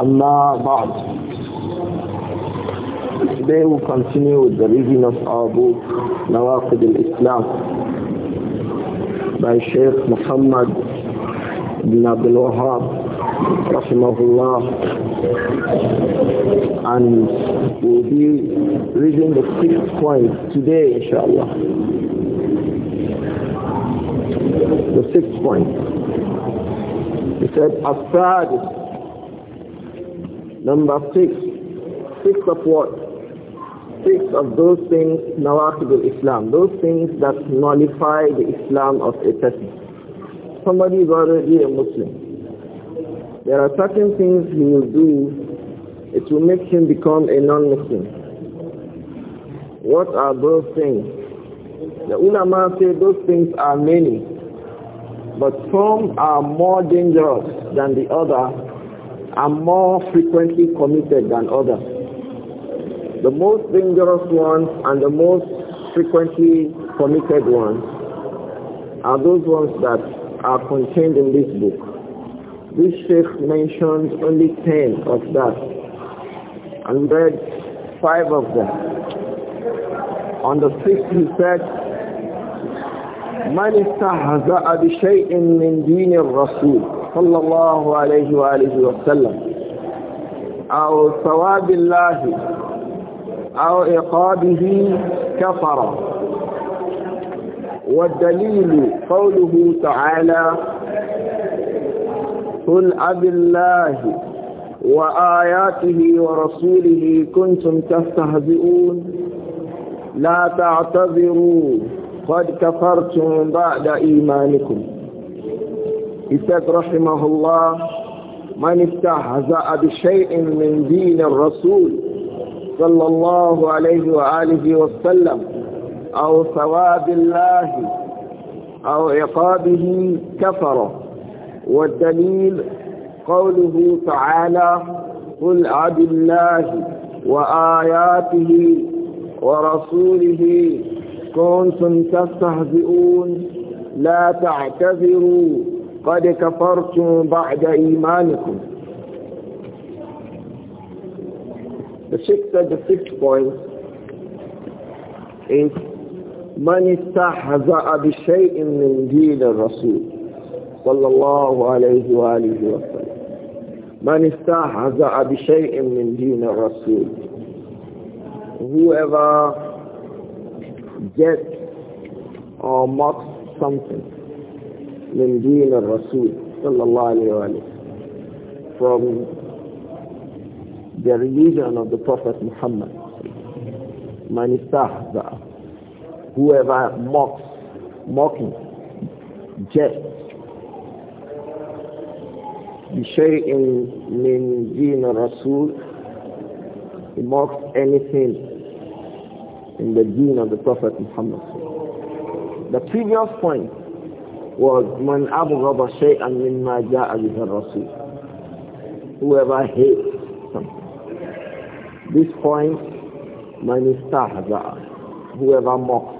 أما بعد Today we continue with the reading of our book نواقد الإسلام by Sheikh Muhammad bin Abdul Wahab rahimahullah and we'll be reading the sixth point today inshallah the sixth point he said asad Number six, six of what? Six of those things, nawaqidul Islam, those things that nullify the Islam of a person. Somebody is already a Muslim. There are certain things he will do, it will make him become a non-Muslim. What are those things? The ulama say those things are many, but some are more dangerous than the other are more frequently committed than others. The most dangerous ones and the most frequently committed ones are those ones that are contained in this book. This sheikh mentioned only 10 of that and read five of them. On the sixth he said, من استهزأ بشيء من دين الرسول صلى الله عليه وآله وسلم أو ثواب الله أو عقابه كفر والدليل قوله تعالى قل أب الله وآياته ورسوله كنتم تستهزئون لا تعتذروا قد كفرتم بعد إيمانكم He said, Rahimahullah, Man istahza'a bi shay'in min deen al-Rasul sallallahu alayhi wa alihi wa sallam أو ثواب الله أو عقابه كفر والدليل قوله تعالى قل عبد الله وآياته ورسوله كنتم تستهزئون لا تعتذروا قد كفرتم بعد إيمانكم The sixth, and the sixth point is من استحزأ بشيء من دين الرسول صلى الله عليه وآله وسلم من استحزأ بشيء من دين الرسول whoever gets or mocks something من دين الرسول صلى الله عليه وآله from the religion of the Prophet Muhammad من استهزأ whoever mocks mocking jest بشيء من دين الرسول he mocks anything in the deen of the Prophet Muhammad. The previous point was man abghada shay'an mimma ja'a bihi rasul whoever hates something this point man istahza whoever mocks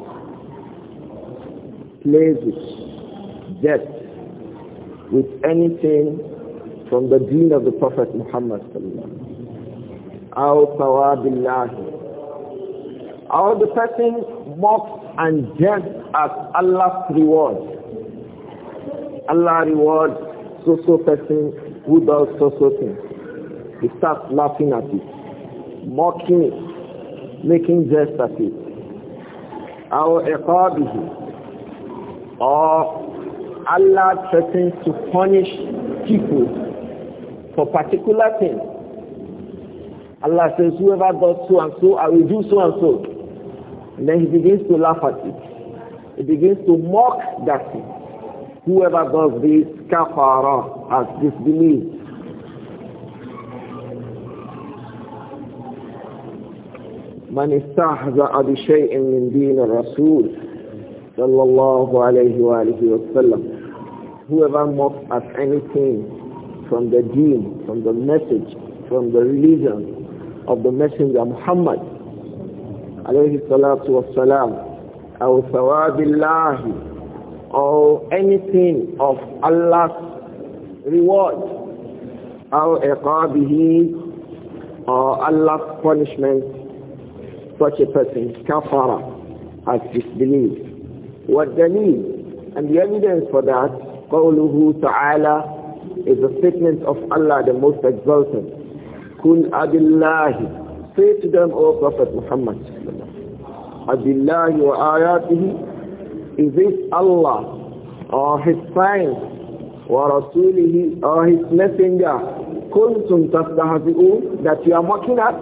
plays with death with anything from the deen of the prophet muhammad sallallahu alaihi wasallam or the person mocks and jests at Allah's reward. Allah rewards so so person who does so so thing. He starts laughing at it, mocking it, making jest at it. Our iqabihi or Allah threatens to punish people for particular things. Allah says, whoever does so and so, I will do so and so. And then he begins to laugh at it. He begins to mock that thing. Whoever does this, kafara, has disbelieved. من استهزأ بشيء من دين الرسول صلى الله عليه وآله وسلم whoever mocks at anything from the deen, from the message, from the religion of the messenger Muhammad عليه الصلاة والسلام أو ثواب الله or anything of Allah's reward or عقابه or Allah's punishment such a person kafara has disbelieved What need, and the evidence for that قوله Taala is the statement of Allah the most exalted Kul Adillahi. say to them O Prophet Muhammad wa وآياته is it Allah or His sign or Rasulihi or His messenger? كنتم تستهزئون that you are mocking at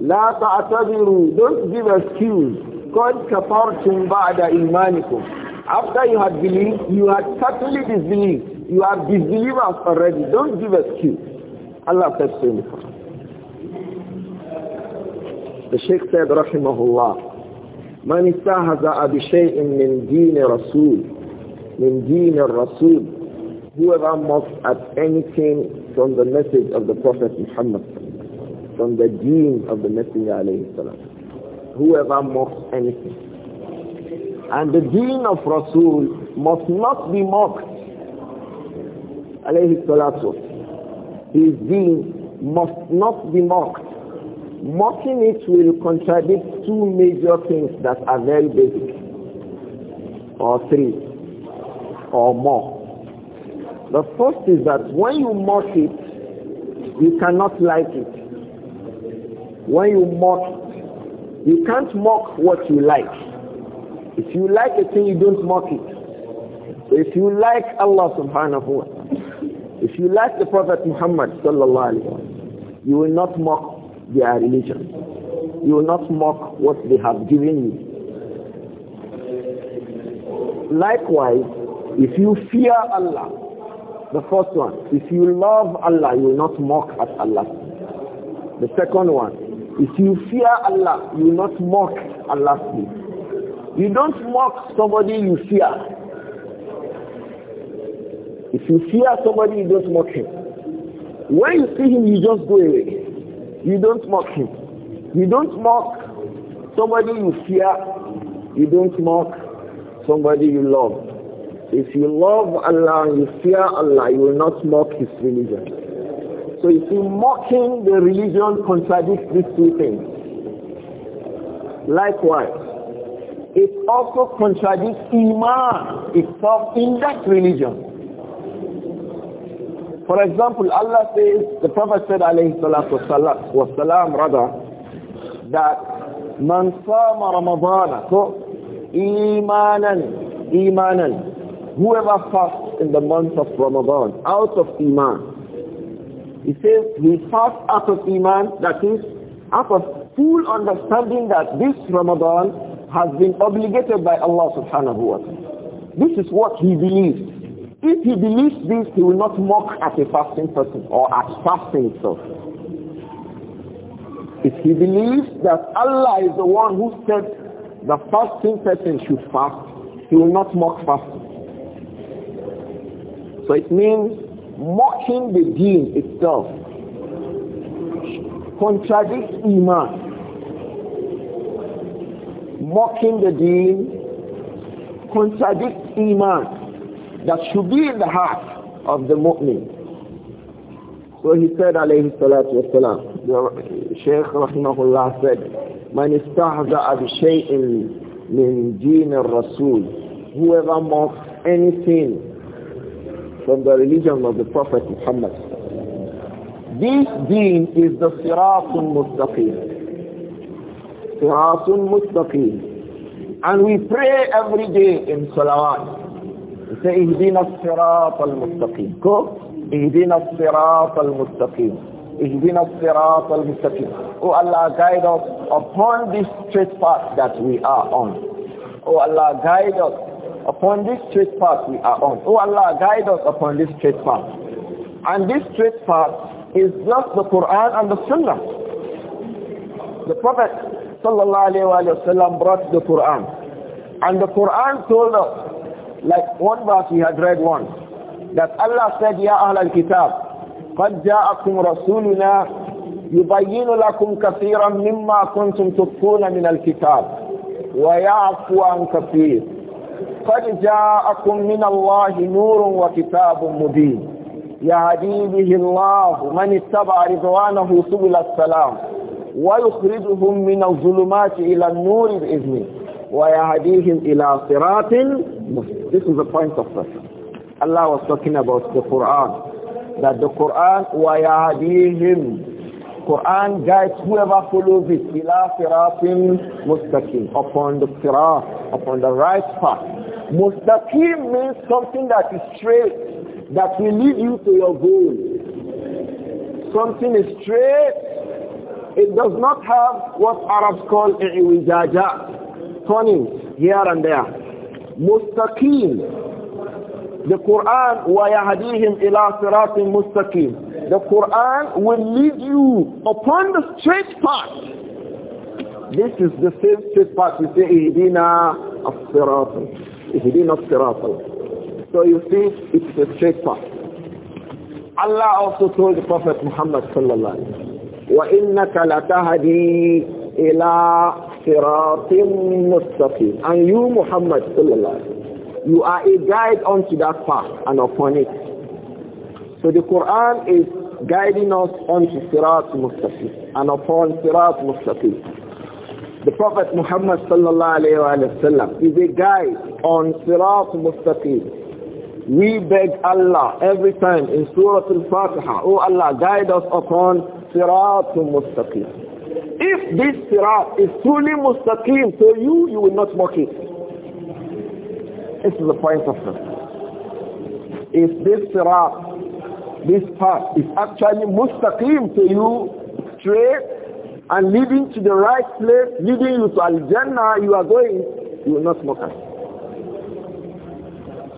la تعتذروا don't give excuse قد كفرتم بعد إيمانكم after you had believed you had totally disbelieved you are disbelievers already don't give excuse Allah says to him the Sheikh said "Rahimahullah." من استهزأ بشيء من دين رسول من دين الرسول whoever mocks at anything from the message of the Prophet Muhammad from the deen of the Messenger alayhi salam whoever mocks anything and the deen of Rasul must not be mocked alayhi salatu his deen must not be mocked mocking it will contradict two major things that are very basic, or three, or more. The first is that when you mock it, you cannot like it. When you mock, you can't mock what you like. If you like a thing, you don't mock it. So if you like Allah subhanahu wa ta'ala, if you like the Prophet Muhammad sallallahu you will not mock their religion. You will not mock what they have given you. Likewise, if you fear Allah, the first one, if you love Allah, you will not mock at Allah. The second one, if you fear Allah, you will not mock Allah's name. You don't mock somebody you fear. If you fear somebody, you don't mock him. When you see him, you just go away you don't mock him. You don't mock somebody you fear. You don't mock somebody you love. If you love Allah and you fear Allah, you will not mock his religion. So you see, mocking the religion contradicts these two things. Likewise, it also contradicts Iman itself in that religion. For example, Allah says, the Prophet said alayhi salatu wasalam rather, that man sama Ramadana, so imanan, imanan, whoever fasts in the month of Ramadan, out of iman, he says he fasts out of iman, that is, out of full understanding that this Ramadan has been obligated by Allah subhanahu wa ta'ala. This is what he believes. If he believes this, he will not mock at a fasting person or at fasting itself. If he believes that Allah is the one who said the fasting person should fast, he will not mock fasting. So it means mocking the deen itself contradicts Iman. Mocking the deen contradicts Iman that should be in the heart of the mu'min. So he said, alayhi salatu wasalam, the Shaykh rahimahullah said, من استهزأ بشيء من دين الرسول whoever mocks anything from the religion of the Prophet Muhammad this deen is the siratun mustaqim siratun mustaqim and we pray every day in salawat say ihdina as-sirat go ihdina as-sirat al-mustaqim ihdina as oh allah guide us upon this straight path that we are on oh allah guide us upon this straight path we are on oh allah guide us upon this straight path and this straight path is just the quran and the sunnah the prophet sallallahu alaihi wasallam brought the quran and the quran told us like one verse we had read once, that Allah said, Ya Ahl al-Kitab, قد جاءكم رسولنا يبين لكم كثيرا مما كنتم تخفون من الكتاب ويعفو عن كثير قد جاءكم من الله نور وكتاب مبين يهدي به الله من اتبع رضوانه سبل السلام ويخرجهم من الظلمات إلى النور بإذنه وَيَهَدِيهِمْ إِلَىٰ صِرَاطٍ This is the point of this. Allah was talking about the Quran. That the Quran, وَيَهَدِيهِمْ Quran guides whoever follows it, إِلَىٰ صِرَاطٍ مُسْتَقِيمٍ Upon the sirat, upon the right path. Mustaqim means something that is straight, that will lead you to your goal. Something is straight, it does not have what Arabs call a turning here and there. Mustaqim. The Quran, wa وَيَهَدِيهِمْ ila صِرَاطٍ مُسْتَقِيمٍ The Quran will lead you upon the straight path. This is the same straight path you say, إِهْدِنَا الصِّرَاطِ as-sirat. So you see, it's a straight path. Allah also told the Prophet Muhammad sallallahu alayhi wa sallam, وَإِنَّكَ لَتَهَدِي إِلَىٰ siratim mustaqim. And you, Muhammad وسلم, you are a guide onto that path and upon it. So the Quran is guiding us onto sirat mustaqim and upon sirat mustaqim. The Prophet Muhammad صلى alayhi wa sallam is a guide on sirat mustaqim. We beg Allah every time in Surah Al-Fatiha, Oh Allah, guide us upon sirat mustaqim. If this sirat is truly mustaqim to you, you will not mock it. This is the point of it. If this sirat, this path is actually mustaqim to you, straight and leading to the right place, leading you to Al-Jannah, you are going, you will not mock it.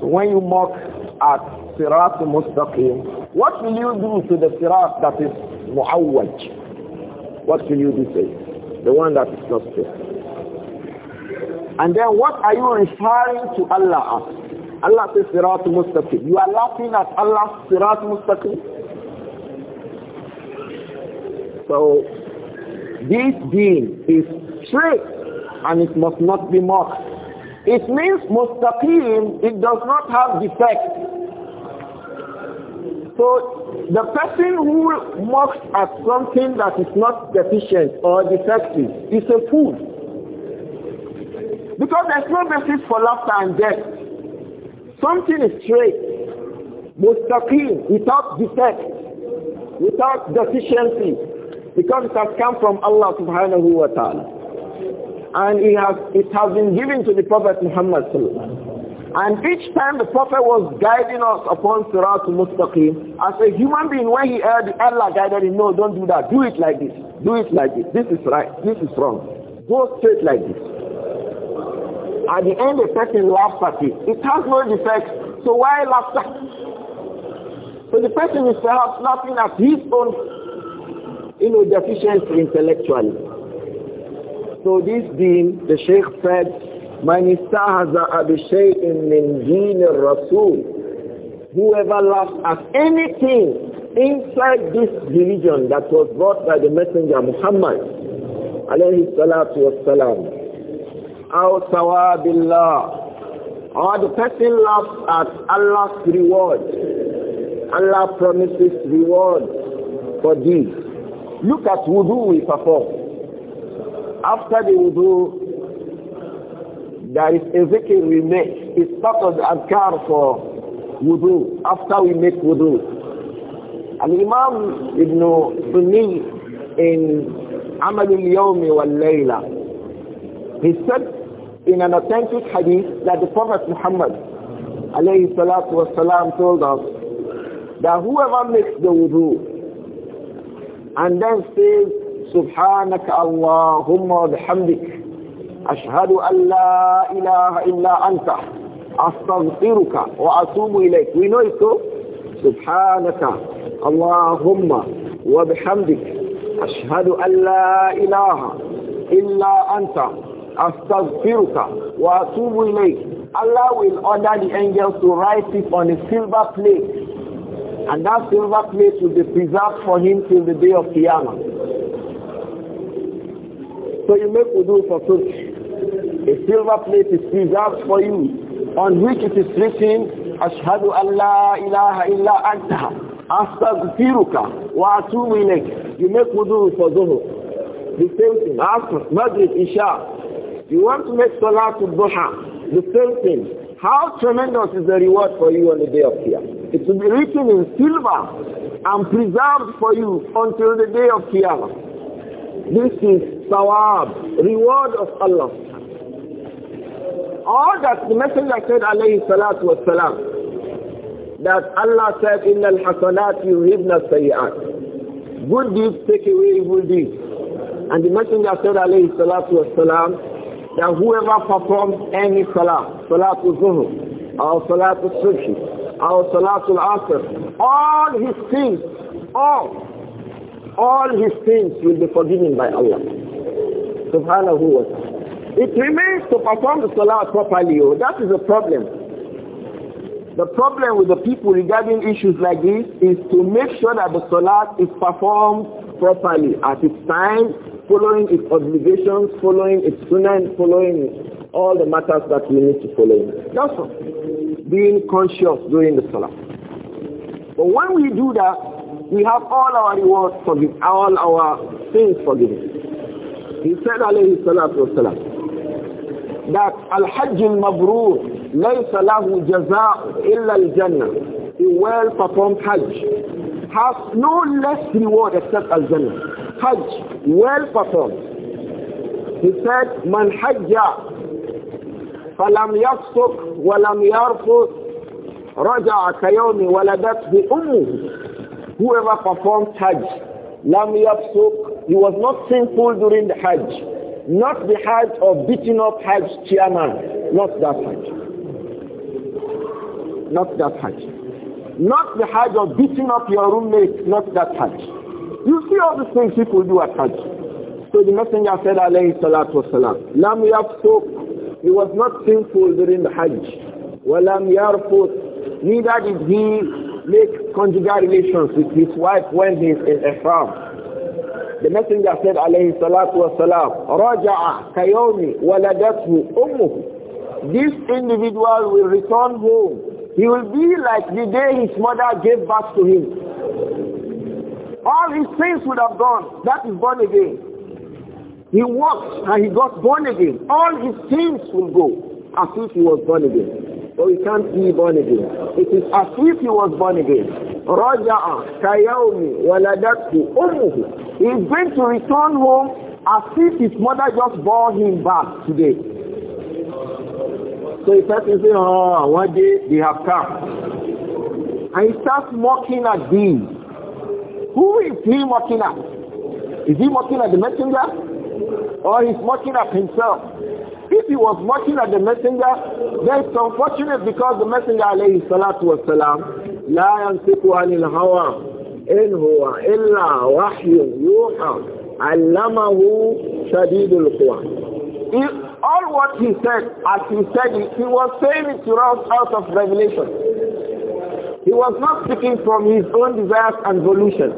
So when you mock at Sirat Mustaqim, what will you do to the Sirat that is Mu'awwaj? What will you do saying? The one that is not true. And then what are you referring to Allah as? Allah says Sirat Mustaqim. You are laughing at Allah Sirat Mustaqim. So this deen is straight and it must not be mocked. It means Mustaqim, it does not have defect. So the person who mocks at something that is not deficient or defective is a fool. Because there's no basis for laughter and death. Something is straight, mustaqim, without defect, without deficiency, because it has come from Allah subhanahu wa ta'ala. And it has, it has been given to the Prophet Muhammad sallallahu and each time the Prophet was guiding us upon Surah al-Mustaqim, as a human being, when he heard Allah guided him, no, don't do that. Do it like this. Do it like this. This is right. This is wrong. Go straight like this. At the end, the person laughs at it. It has no defect. So why laughter? So the person is perhaps laughing at his own you know, deficiency intellectually. So this being, the Sheikh said, من استهزأ بشيء من دين الرسول whoever laughs at anything inside this religion that was brought by the messenger Muhammad alayhi salatu wassalam aw thawabillah or the person laughs at Allah's reward Allah promises reward for this. look at wudu we perform after the wudu there is a zikr we make. It's part of the adkar for wudu, after we make wudu. And Imam Ibn Sunni in Amal al-Yawmi wal-Layla, he said in an authentic hadith that the Prophet Muhammad alayhi salatu wasalam told us that whoever makes the wudu and then says subhanaka allahumma bihamdik أشهد أن لا إله إلا أنت أستغفرك وأتوب إليك we know it سبحانك اللهم وبحمدك أشهد أن لا إله إلا أنت أستغفرك وأتوب إليك Allah will order the angels to write it on a silver plate. And that silver plate will be preserved for him till the day of Qiyamah. So you make wudu for such. A silver plate is preserved for you on which it is written, Ashhadu an la ilaha illa anta astaghfiruka wa atubu ilayk. You make wudu for Zuhur. The same thing. After Maghrib, Isha. You want to make Salah to Duha. The same thing. How tremendous is the reward for you on the day of Qiyamah. It will be written in silver and preserved for you until the day of Qiyamah. This is sawab, reward of Allah. All that the Messenger said, alayhi salatu wasalam, that Allah said, إِنَّ الْحَسَنَاتِ يُهِبْنَ السَّيِّئَاتِ Good deeds take away evil deeds. And the Messenger said, alayhi salatu wasalam, that whoever performs any salah, salah zuhur, or salatul subhi, or salatul asr, all his sins, all, all his sins will be forgiven by Allah. Subhanahu wa ta'ala. It remains to perform the salah properly. Oh. That is a problem. The problem with the people regarding issues like this is to make sure that the salah is performed properly at its time, following its obligations, following its sunnah, following all the matters that we need to follow. That's all. Being conscious during the salah. But when we do that, we have all our rewards forgiven, all our sins forgiven. He said, alayhi salatu wasalam, that Al-Hajj al-Mabrur ليس له جزاء إلا الجنة jannah A well-performed Hajj has no less reward except Al-Jannah. Hajj, well performed. He said, Man حج فلم يفسق ولم يرفض رجع كيوم ولدت بأمه whoever performed Hajj لم يفسق he was not sinful during the Hajj Not the Hajj of beating up Hajj chairman. Not that Hajj. Not that Hajj. Not the Hajj of beating up your roommate. Not that Hajj. You see all these things people do at Hajj. So the Messenger said, alayhi salatu wasalam, Lam yafsuk. He was not sinful during the Hajj. Walam yarfut. Neither did he make conjugal relations with his wife when he is in Ihram. The messenger said, alayhi salatu wasalam, Raja'a kayomi waladathu ummuhu. This individual will return home. He will be like the day his mother gave birth to him. All his sins would have gone. That is born again. He walked and he got born again. All his sins will go as if he was born again. So he can't be born again. It is as if he was born again. Raja'a kayaumi waladatu ummuhu. He is going to return home as if his mother just bore him back today. So he starts saying, oh, ah, one day they have come. And he starts mocking at thee. Who is he mocking at? Is he mocking at the messenger? Or he's mocking at himself? If he was mocking at the messenger, then it's unfortunate because the messenger alayhi salatu wasalam, لا ينطق عن الهوى إن هو إلا وحي يوحى علمه شديد القوى. All what he said, as he said it, he was saying it to us out of revelation. He was not speaking from his own desires and volition.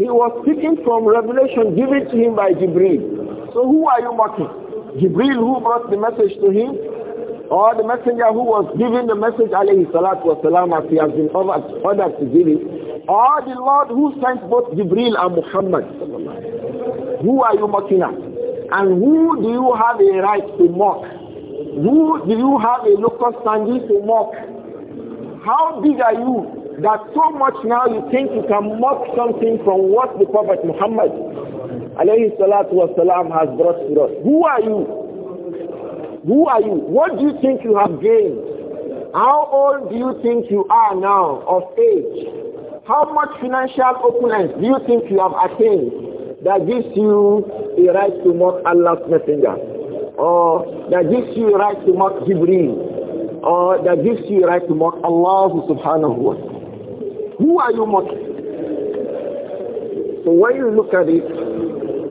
He was speaking from revelation given to him by Jibreel. So who are you mocking? Jibril who brought the message to him or the messenger who was giving the message alayhi salatu wasalam as he has been ordered to give it or the Lord who sent both Jibril and Muhammad who are you mocking at and who do you have a right to mock who do you have a local standing to mock how big are you that so much now you think you can mock something from what the Prophet Muhammad alayhi salatu has brought to us. Who are you? Who are you? What do you think you have gained? How old do you think you are now of age? How much financial opulence do you think you have attained that gives you a right to mock Allah's messenger? Or that gives you a right to mock Jibreel? Or that gives you a right to mock Allah subhanahu wa ta'ala? Who are you mocking? So when you look at it,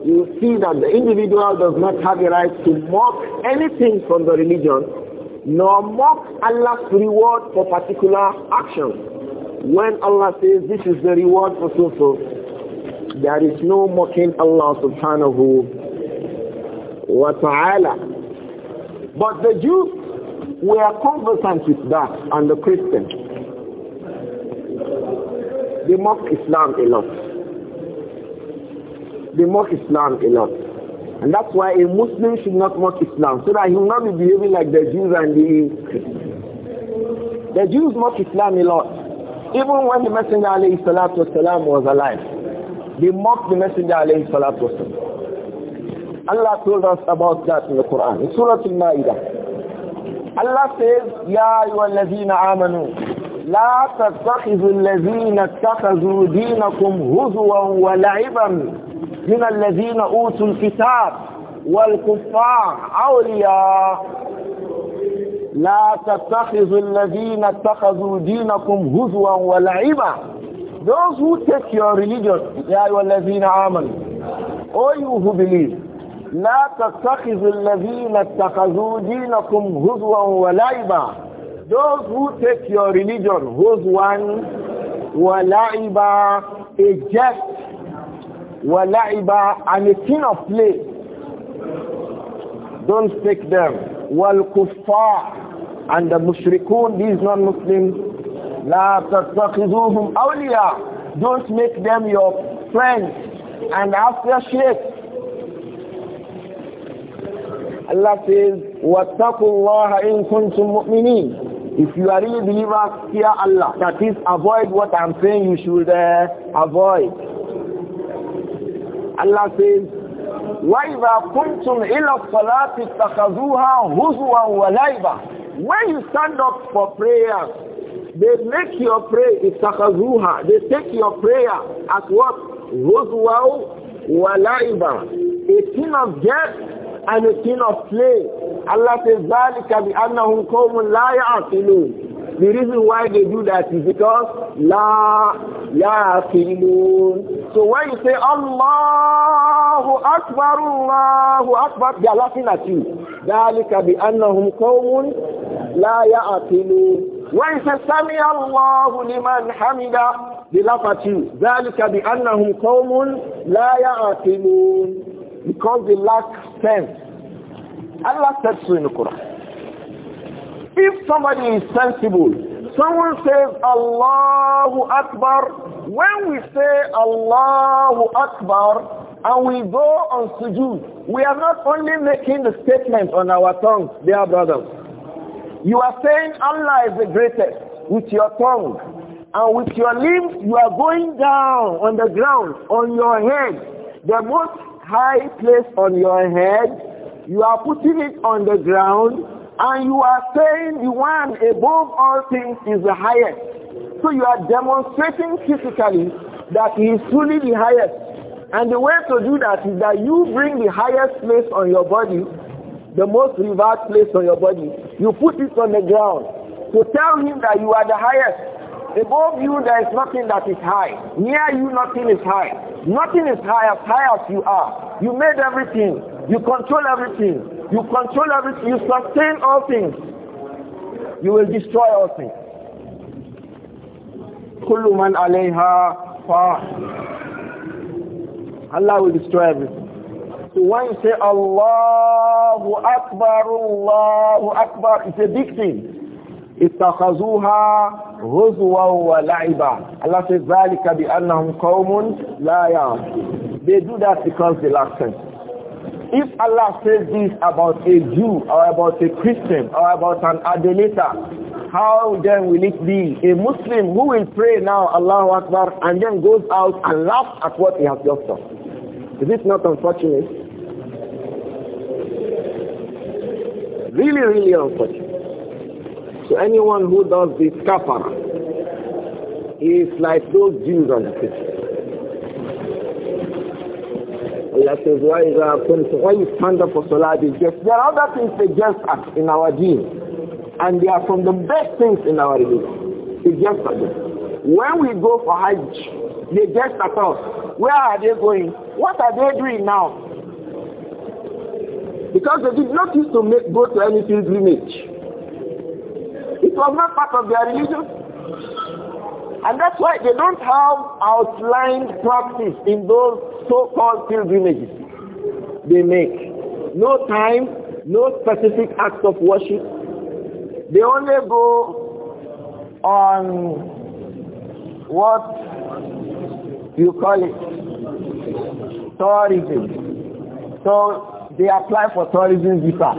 you see that the individual does not have a right to mock anything from the religion, nor mock Allah's reward for particular action. When Allah says this is the reward for so so, there is no mocking Allah subhanahu wa ta'ala. But the Jews were conversant with that and the Christians. They mock Islam a lot. they mock Islam a lot. And that's why a Muslim should not mock Islam, so that he will not be behaving like the Jews and the Christians. The Jews mock Islam a lot. Even when the Messenger alayhi salatu wasalam was alive, they mocked the Messenger alayhi salatu wasalam. Allah told us about that in the Quran, in Surah Al-Ma'idah. Allah says, Ya ayyuhallazina amanu, لا تتخذوا الذين اتخذوا دينكم هزوا ولعبا من الذين أوتوا الكتاب والكفار أولياء لا تتخذوا الذين اتخذوا دينكم هزوا ولعبا those who take your religion يا أيها الذين آمنوا all you who believe لا تتخذوا الذين اتخذوا دينكم هزوا ولعبا those who take your religion هزوا ولعبا a jest وَلَعِبًا and a thing of play. Don't take them. Kuffar and the mushrikun, these non-Muslims, لَا تتخذوهم awliya أَوْلِيَا Don't make them your friends and associates. Allah says, وَاتَّقُوا in إِن كُنْتُم مُؤْمِنِينَ If you are really believers, fear Allah. That is, avoid what I'm saying you should uh, avoid. Allah says waiba kuntum ila salati takhazuha huzwa wa when you stand up for prayer they make your prayer is takhazuha they take your prayer as what huzwa wa laiba a thing of death and a thing of play Allah says zalika bi annahum qawmun la ya'qilun the reason why they do that is because La Yaqilun. So when you say Allahu Akbar, Allahu Akbar, they are laughing at you. ذَلِكَ بِأَنَّهُمْ قَوْمٌ لَا يَعْقِلُونَ When you say سَمِعَ اللَّهُ لِمَنْ حمدا, They laugh at you. ذَلِكَ بِأَنَّهُمْ قَوْمٌ لَا يَعْقِلُونَ Because they lack sense. Allah said so in the Quran. If somebody is sensible, someone says Allahu Akbar. When we say Allahu Akbar and we go on sujood, we are not only making the statement on our tongue, dear brothers. You are saying Allah is the greatest with your tongue. And with your limbs, you are going down on the ground, on your head. The most high place on your head, you are putting it on the ground and you are saying the one above all things is the highest. So you are demonstrating physically that he is truly the highest. And the way to do that is that you bring the highest place on your body, the most revered place on your body. You put it on the ground to tell him that you are the highest. Above you there is nothing that is high. Near you nothing is high. Nothing is high as high as you are. You made everything. You control everything. You control everything. You sustain all things. You will destroy all things. كل من عليها فان Allah will destroy everything. So when you say Allahu Akbar, Allahu Akbar, it's a big thing. اتخذوها هزوا ولعبا Allah says ذلك بأنهم قوم لا يعلمون They do that because they lack sense. If Allah says this about a Jew or about a Christian or about an idolater, how then will it be? A Muslim who will pray now, Allahu Akbar, and then goes out and laughs at what he has just done. Is this not unfortunate? Really, really unfortunate. So anyone who does this kafara is like those Jews and the Christians. That is why is our When you stand up for Salah, they just, there are other things they just at in our deen. And they are from the best things in our religion. They just at When we go for Hajj, they just at us. Where are they going? What are they doing now? Because they did not used to make, go to any pilgrimage. It was not part of their religion. And that's why they don't have outlined practice in those so-called pilgrimages they make. No time, no specific act of worship. They only go on what you call it, tourism. So they apply for tourism visa.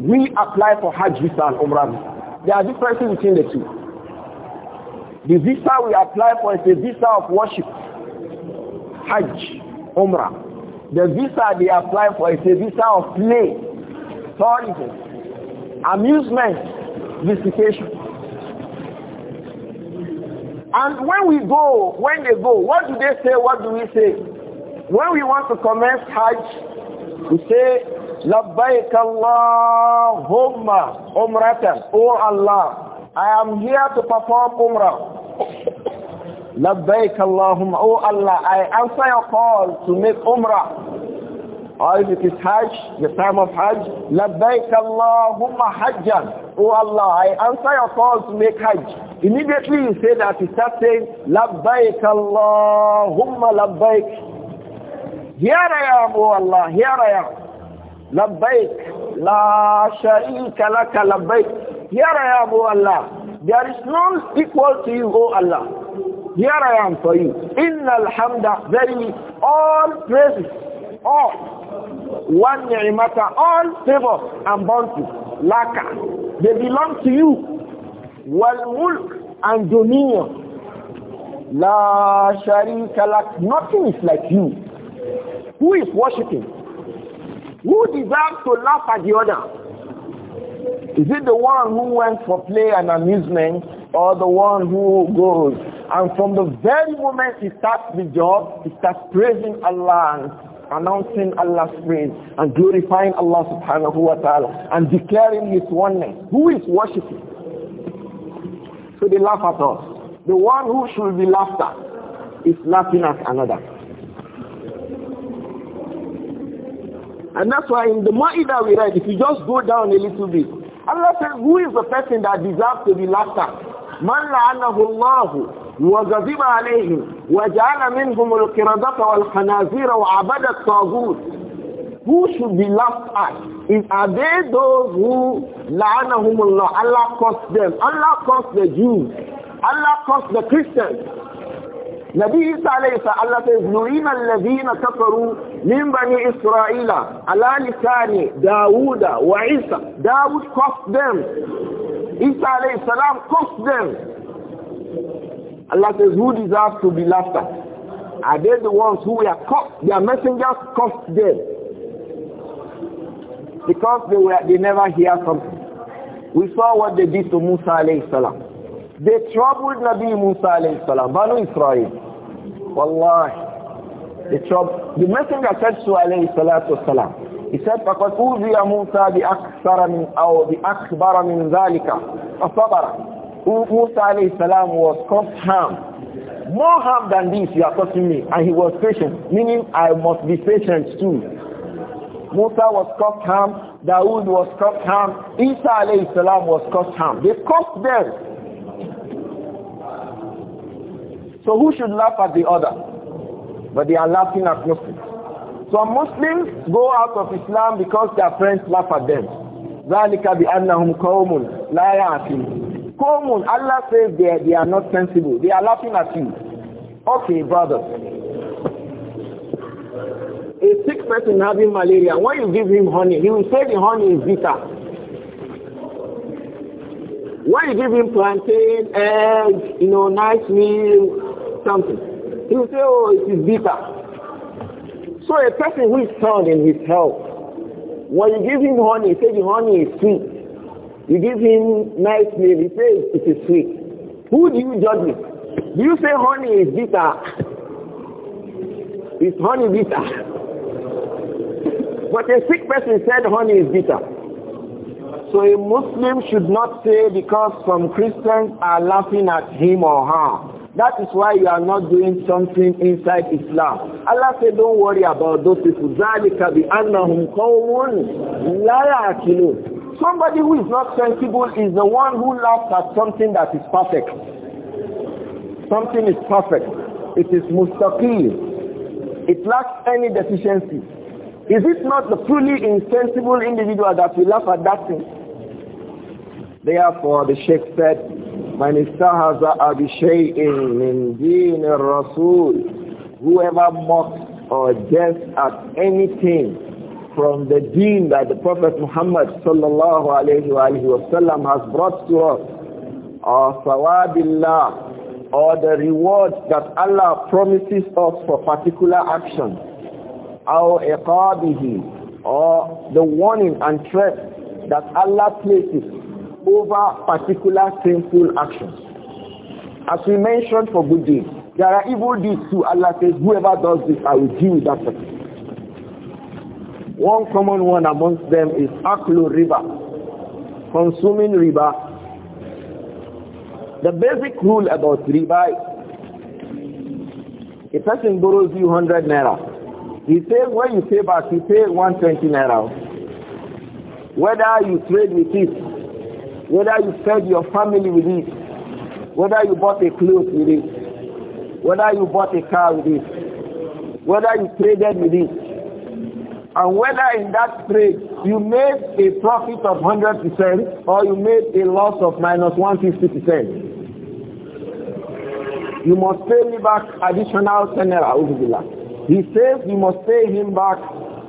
We apply for Hajj visa and Umrah visa. There are differences between the two. The visa we apply for is a visa of worship. Hajj, Umrah. The visa they apply for is a visa of play, tourism, amusement, visitation. And when we go, when they go, what do they say? What do we say? When we want to commence Hajj, we say, لبيك اللهم Umrah, او Allah. I am here to perform Umrah. Labbaik Allahumma, O oh Allah, I answer your call to make Umrah. Or if it is Hajj, the time of Hajj, Labbaik Allahumma Hajjan. O oh Allah, I answer your call to make Hajj. Immediately you say that, you start saying, Labbaik Allahumma Labbaik. Here I am, O oh Allah, here I am. Labbaik, La Sharika Laka Labbaik. Here I am, O Allah. There is none equal to you, O Allah. Here I am for you. Inna alhamda, verily, all praises, all, one ni'mata, all favor and bounty, laka, they belong to you. Wal mulk and dominion, La sharika lak. Nothing is like you. Who is worshipping? Who deserves to laugh at the other? Is it the one who went for play and amusement or the one who goes? And from the very moment he starts the job, he starts praising Allah and announcing Allah's praise and glorifying Allah subhanahu wa ta'ala and declaring his oneness. Who is worshipping? So they laugh at us. The one who should be laughed at is laughing at another. And that's why in the that we read, if you just go down a little bit, Allah says, who is the person that deserves to be laughed at? Man la'anahu Allahu وغضب عليهم وجعل منهم القردة والخنازير وعبد الطاغوت who should be laughed at is are they those who la'anahumullah Allah cursed them Allah cursed the Jews Allah cursed the Christians نبي Isa عليه Allah says, Nurina alladhina kafaru min bani Israila ala lisani Dawuda wa Isa. Dawud cursed them. Isa عليه السلام cursed them. Allah says, who deserves to be laughed at? Are they the ones who were cut Their messengers cut them. Because they were they never hear something. We saw what they did to Musa alayhi salam. They troubled Nabi Musa alayhi salam, Banu Israel. Wallahi. The trouble. The messenger said to alayhi salatu wasalam, he said, فَقَدْ أُوذِيَ مُوسَى بِأَكْثَرَ مِنْ أَوْ بِأَكْبَرَ مِنْ ذَلِكَ فَصَبَرَ Musa alayhi salam was caused harm. More harm than this you are causing me. And he was patient, meaning I must be patient too. Musa was caused harm, Dawood was caused harm, Isa alayhi salam was caused harm. They caused them So who should laugh at the other? But they are laughing at Muslims. Some Muslims go out of Islam because their friends laugh at them. ذَلِكَ بِأَنَّهُمْ قَوْمٌ لَا يَعْقِلُونَ قَوْمٌ Allah says they, they are not sensible. They are laughing at you. Okay, brothers. A sick person having malaria, when you give him honey, he will say the honey is bitter. When you give him plantain, eggs, you know, nice meal, something. He will say, oh, it is bitter. So a person who is sound in his health, when you give him honey, say the honey is sweet. You give him nice meal, he says it is sweet. Who do you judge with? Do you say honey is bitter? Is honey bitter? but a sick person said honey is bitter. So a Muslim should not say because some Christians are laughing at him or her that is why you are not doing something inside Islam. Allah said, don't worry about those people. Somebody who is not sensible is the one who laughs at something that is perfect. Something is perfect. It is mustaqil. It lacks any deficiency. Is it not the truly insensible individual that will laugh at that thing? Therefore, the Sheikh said, من استهزأ بشيء من دين الرسول whoever mocks or jests at anything from the deen that the Prophet Muhammad sallallahu alayhi wa sallam has brought to us or sawabillah or the rewards that Allah promises us for particular action or iqabihi or the warning and threat that Allah places over particular sinful actions. As we mentioned for good deeds, there are evil deeds too. Allah says, whoever does this, I will deal with that person. One common one amongst them is aklu riba, consuming riba. The basic rule about riba, a person borrows you 100 naira. He says when you pay back, you pay 120 naira. Whether you trade with it whether you fed your family with it, whether you bought a clothes with it, whether you bought a car with it, whether you traded with it, and whether in that trade you made a profit of 100% or you made a loss of minus 150%. You must pay me back additional 10 naira, He says you must pay him back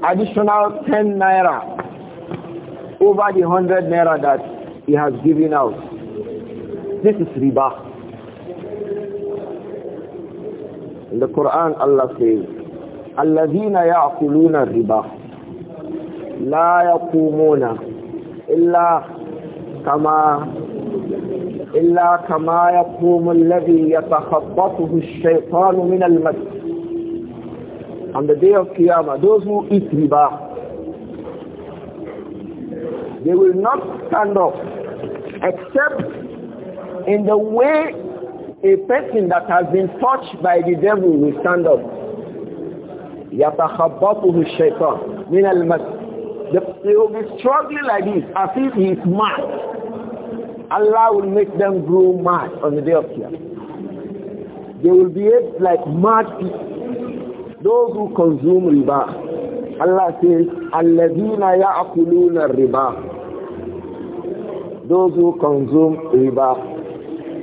additional 10 naira over the 100 naira that he has given out. This is riba. In the Quran, Allah says, الَّذِينَ يَعْقُلُونَ الرِّبَا لا يقومون إلا كما إلا كما يقوم الذي يتخبطه الشيطان من المس On the day of Qiyamah, those who eat riba, they will not stand up except in the way a person that has been touched by the devil will stand up. يَتَخَبَّطُهُ الشَّيْطَانُ مِنَ They will be struggling like this as if he is mad. Allah will make them grow mad on the day of Qiyamah. They will behave like mad people. Those who consume riba. Allah says, الَّذِينَ akuluna riba those who consume riba.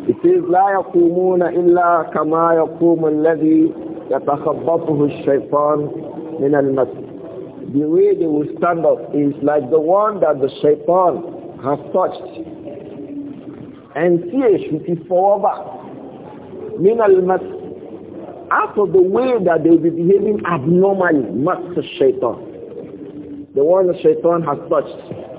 It is لا يقومون إلا كما يقوم الذي يتخبطه الشيطان من The way they will stand up is like the one that the shaitan has touched. And see it is forever. من out of the way that they will be behaving abnormally, not the shaitan. The one the shaitan has touched.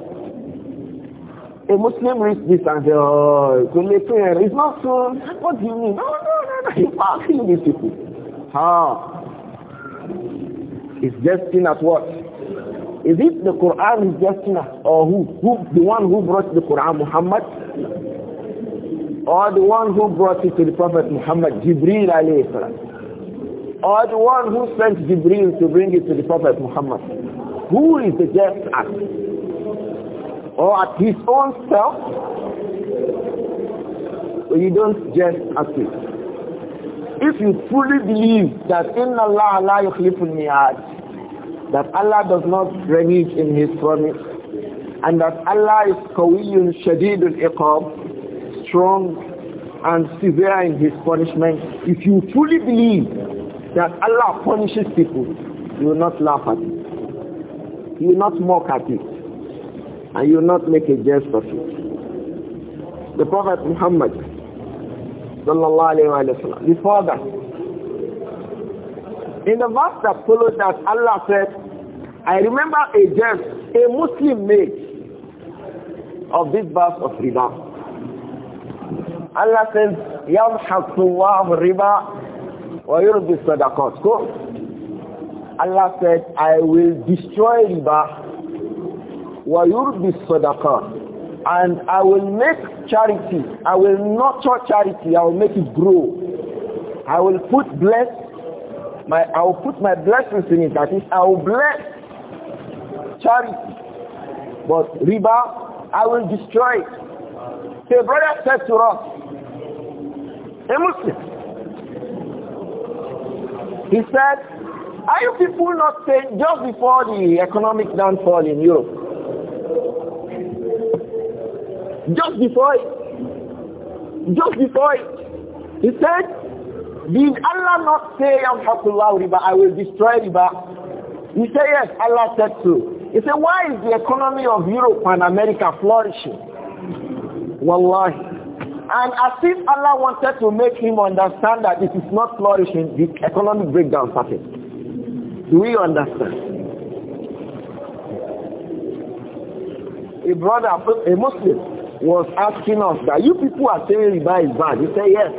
A Muslim reads this and says, oh, it's only prayer. It's not so. What do you mean? No, no, no, no. He's asking these people. Ah. It's destined at what? Is it the Quran is destined at, or who? who? The one who brought the Quran, Muhammad? Or the one who brought it to the Prophet Muhammad, Jibreel alayhi salam? or the one who sent Jibril to bring it to the Prophet Muhammad? Who is the just or at his own self, you don't just it. If you truly believe that in Allah Allah yukhliful mi'ad, that Allah does not renege in his promise, and that Allah is kawiyun, shadidun, iqab, strong and severe in his punishment, if you truly believe that Allah punishes people, you will not laugh at it. You will not mock at it and you not make a jest of it. The Prophet Muhammad sallallahu alayhi wa before that, in the verse that followed that, Allah said, I remember a jest a Muslim made of this verse of riba. Allah says, يَمْحَقُ اللَّهُ الرِّبَى وَيُرْبِ الصَّدَقَاتِ Allah said, I will destroy riba وَيُرْبِ الصَّدَقَةِ And I will make charity. I will nurture charity. I will make it grow. I will put bless my I will put my blessings in it. That is, I will bless charity. But riba, I will destroy it. The brother said to us, a Muslim, he said, are you people not saying just before the economic downfall in Europe, Just before it. Just before it. He said, did Allah not say, riba, I will destroy riba? He said, yes, Allah said so. He said, why is the economy of Europe and America flourishing? Wallahi. And as if Allah wanted to make him understand that it is not flourishing, the economic breakdown started. Do we understand? A brother, a Muslim, was asking us that you people are saying riba is bad. He said, yes.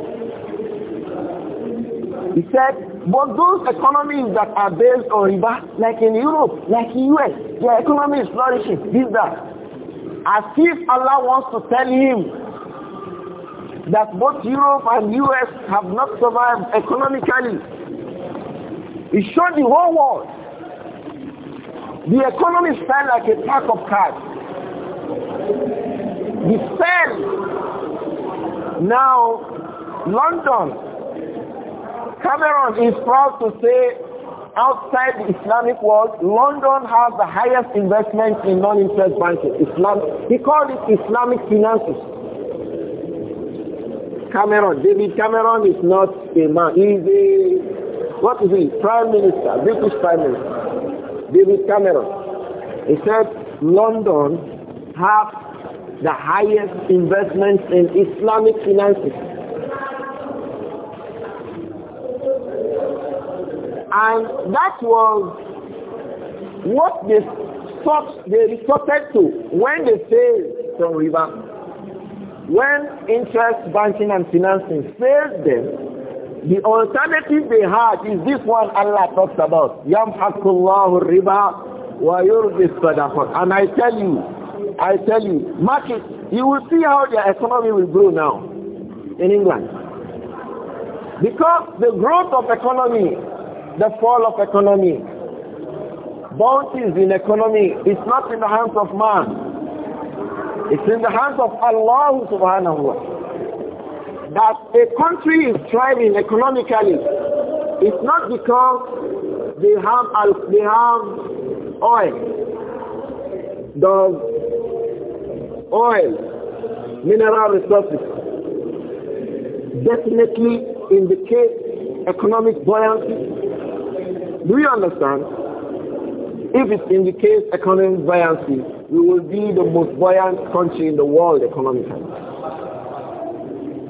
He said, but those economies that are based on riba, like in Europe, like in US, their economy is flourishing, this, that. As if Allah wants to tell him that both Europe and US have not survived economically. He showed the whole world. The economy fell like a pack of cards. He said, Now, London, Cameron is proud to say outside the Islamic world, London has the highest investment in non-interest banking. Islam, he called it Islamic finances. Cameron, David Cameron is not a man. He's a, what is he? Prime Minister, British Prime Minister. David Cameron. He said London has the highest investments in Islamic finances. And that was what they sought, they resorted to when they failed from riba. When interest, banking and financing failed them, the alternative they had is this one Allah talks about. يَمْحَقُ اللَّهُ الرِّبَى And I tell you, I tell you, mark it. You will see how their economy will grow now in England. Because the growth of economy, the fall of economy, bounties in economy is not in the hands of man. It's in the hands of Allah subhanahu wa ta'ala. That a country is thriving economically, it's not because they have, they have oil the oil, mineral resources, definitely indicate economic buoyancy? Do you understand? If it indicates economic buoyancy, we will be the most buoyant country in the world economically.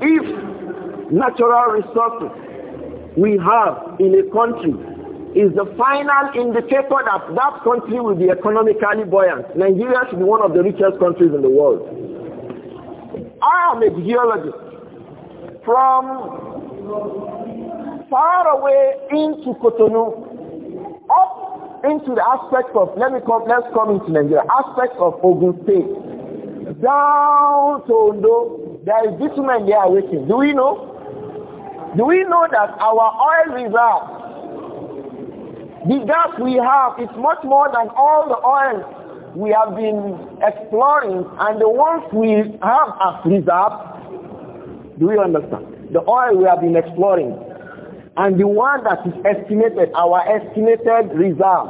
If natural resources we have in a country is the final indicator that that country will be economically buoyant. Nigeria should be one of the richest countries in the world. I am a geologist from far away into Cotonou, up into the aspect of, let me come, let's come into Nigeria, aspect of Ogun State, down to Ondo, there is man there waiting. Do we know? Do we know that our oil reserves the gas we have is much more than all the oil we have been exploring and the ones we have as reserve. Do you understand? The oil we have been exploring and the one that is estimated, our estimated reserve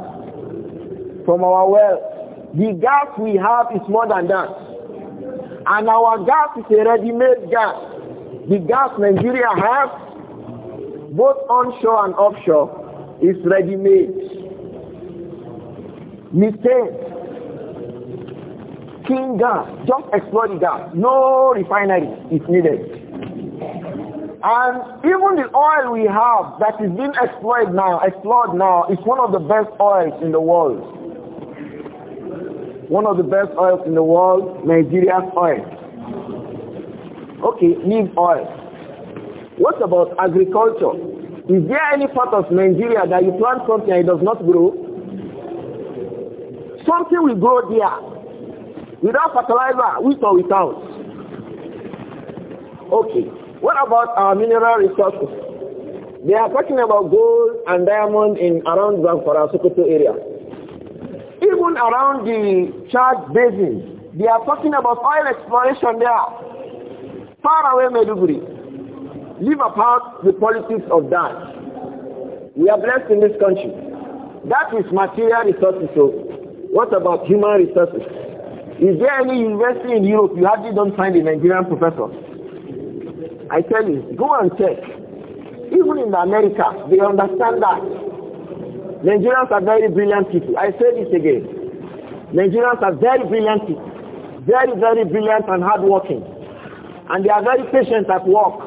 from our well. The gas we have is more than that. And our gas is a ready-made gas. The gas Nigeria has, both onshore and offshore, is ready-made. Mistake. Clean gas. Just explore the gas. No refinery is needed. And even the oil we have that is being exploited now, explored now, is one of the best oils in the world. One of the best oils in the world, Nigeria's oil. Okay, leave oil. What about agriculture? Is there any part of Nigeria that you plant something and it does not grow? Something will grow there. Without fertilizer, with or without. Okay. What about our mineral resources? They are talking about gold and diamond in around Zamfara, Sokoto area. Even around the Chad Basin, they are talking about oil exploration there. Far away Meduguri. Leave apart the politics of that. We are blessed in this country. That is material resources. So what about human resources? Is there any university in Europe you hardly don't find a Nigerian professor? I tell you, go and check. Even in America, they understand that. Nigerians are very brilliant people. I say this again. Nigerians are very brilliant people. Very, very brilliant and hardworking. And they are very patient at work.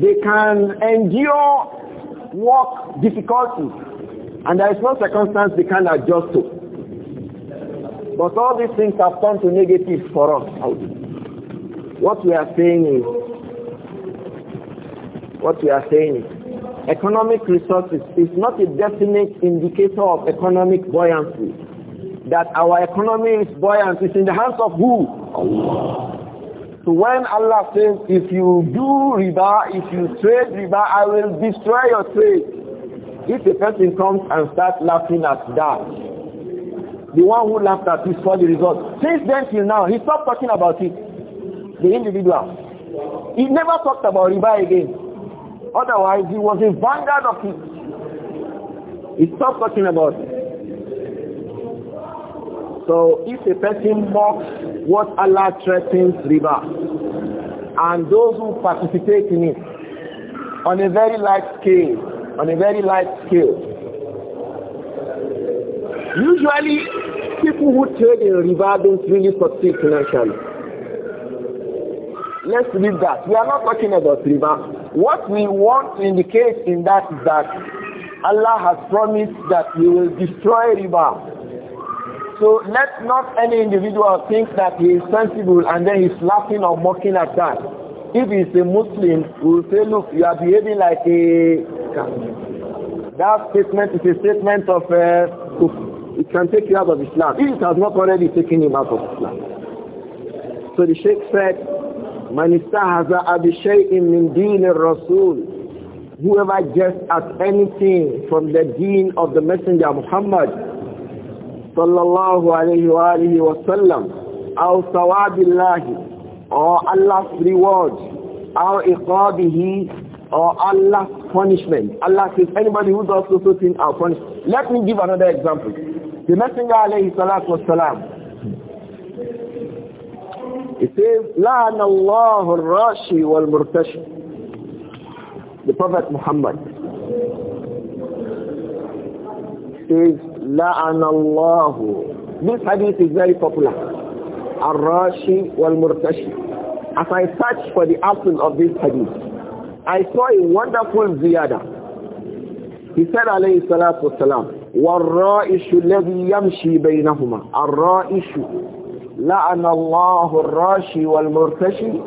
They can endure work difficulties and there is no circumstance they can adjust to. But all these things have turned to negative for us. What we are saying is, what we are saying is, economic resources is not a definite indicator of economic buoyancy. That our economy is buoyant is in the hands of who? Allah. So when Allah says, if you do riba, if you trade riba, I will destroy your trade. If a person comes and starts laughing at that, the one who laughed at this for the result. Since then till now, he stopped talking about it. The individual. He never talked about riba again. Otherwise, he was a vanguard of it. He stopped talking about it. So if a person mocks what Allah threatens riba, and those who participate in it, on a very light scale, on a very light scale, usually people who trade in riba don't really succeed financially. Let's leave that. We are not talking about riba. What we want to indicate in that is that Allah has promised that He will destroy riba so let not any individual think that he is sensible and then he's laughing or mocking at that. If he's a Muslim, we will say, look, you are behaving like a... That statement is a statement of... Uh, it can take you out of Islam. If it has not already taken him out of Islam. So the Sheikh said, Man istahaza abi shay'in min deen rasul Whoever jests at anything from the deen of the Messenger Muhammad صلى الله عليه وآله وسلم أو ثواب الله أو Allah's reward أو إقابه or Allah's punishment. Allah says anybody who does those things are punished. Let me give another example. The Messenger alayhi salatu wasalam he says, لَعْنَ اللَّهُ الرَّاشِي وَالْمُرْتَشِي The Prophet Muhammad says, الله This hadith is very popular. Ar-Rashi wal-Murtashi. As I searched for the absence of this hadith, I saw a wonderful ziyada. He said alayhi salatu wasalam, وَالرَّائِشُ الَّذِي يَمْشِي بَيْنَهُمَا الرَّائِشُ لَعَنَ اللَّهُ الرَّاشِي وَالْمُرْتَشِي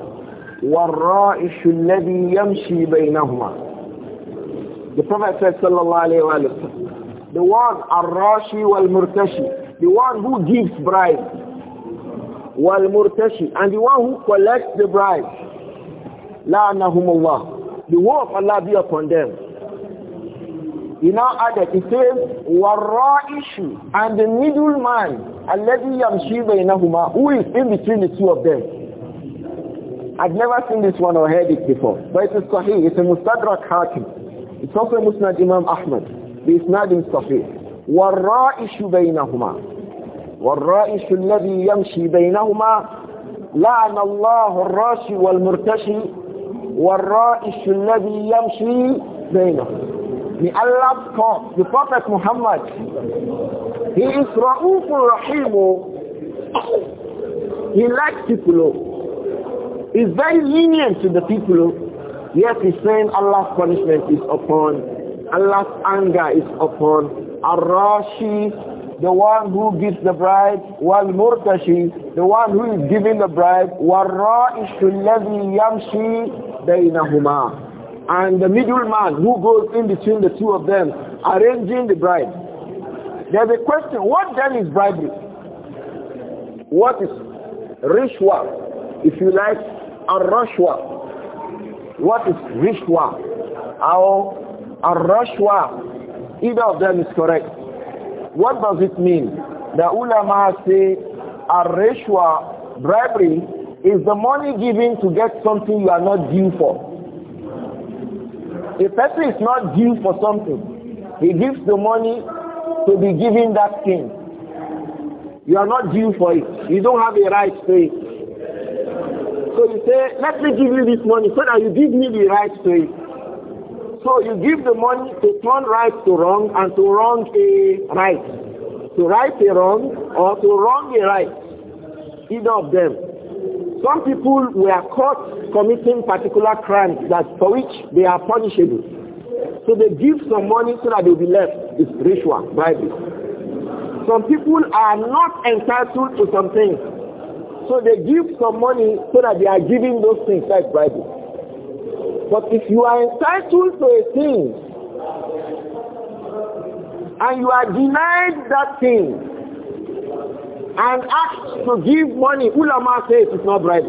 وَالرَّائِشُ الَّذِي يَمْشِي بَيْنَهُمَا The Prophet said sallallahu alayhi wa sallam, The one Ar-Rashi wal-Murtashi. The one who gives bribe. Wal-Murtashi. And the one who collects the bribe. La'anahum Allah. The word of Allah be upon them. He now added, he says, وَالرَّائِشُ And the middleman, الَّذِي يَمْشِي بَيْنَهُمَا Who is in between the two of them? I've never seen this one or heard it before. But it is Sahih. It's a Mustadrak Hakim. It's also Musnad Imam Ahmad. بإسناد صحيح والرائش بينهما والرائش الذي يمشي بينهما لعن الله الراشي والمرتشي والرائش الذي يمشي بينهما The Allah stop the Prophet Muhammad. He is Ra'uf Rahimu. He likes people. He's very lenient to the people. Yet he's saying Allah's punishment is upon Allah's anger is upon Arashi, the one who gives the bride, wal Murtashi, the one who is giving the bride, War-Ra'ishu Levi Yamshi Bainahuma. And the middleman who goes in between the two of them, arranging the bride. There's a question, what then is bribery? What is rishwa? If you like, Arashwa? What is rishwa? How or Rashwa. Either of them is correct. What does it mean? The ulama say Ar-Rashwa, bribery, is the money given to get something you are not due for. A person is not due for something. He gives the money to be given that thing. You are not due for it. You don't have a right to it. So you say, let me give you this money so that you give me the right to it. So you give the money to turn right to wrong and to wrong a right. To right a wrong or to wrong a right. Either of them. Some people were caught committing particular crimes that for which they are punishable. So they give some money so that they'll be left. It's ritual, bribery. Some people are not entitled to some things. So they give some money so that they are giving those things like bribery. But if you are entitled to a thing and you are denied that thing and asked to give money, ulama says it's not right.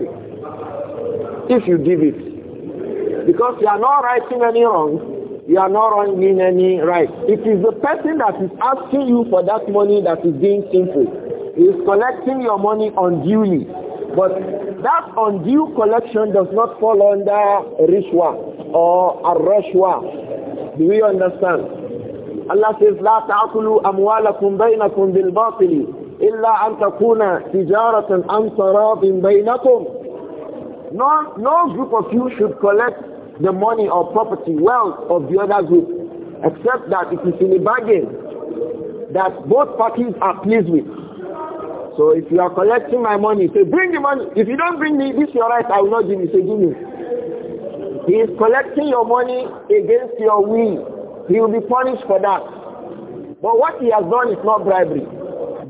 If you give it. Because you are not righting any wrong, you are not wronging any right. It is the person that is asking you for that money that is being sinful. He is collecting your money unduly. But that undue collection does not fall under rishwa or arashwa. Do we understand? Allah says, لا تأكلوا أموالكم بينكم بالباطل إلا أن تكون تجارة عن تراض بينكم. No, no group of you should collect the money or property, wealth of the other group, except that it is in a bargain that both parties are pleased with. So if you are collecting my money, say, bring the money. If you don't bring me, this your right, I will not give you. Say, give me. He is collecting your money against your will. He will be punished for that. But what he has done is not bribery.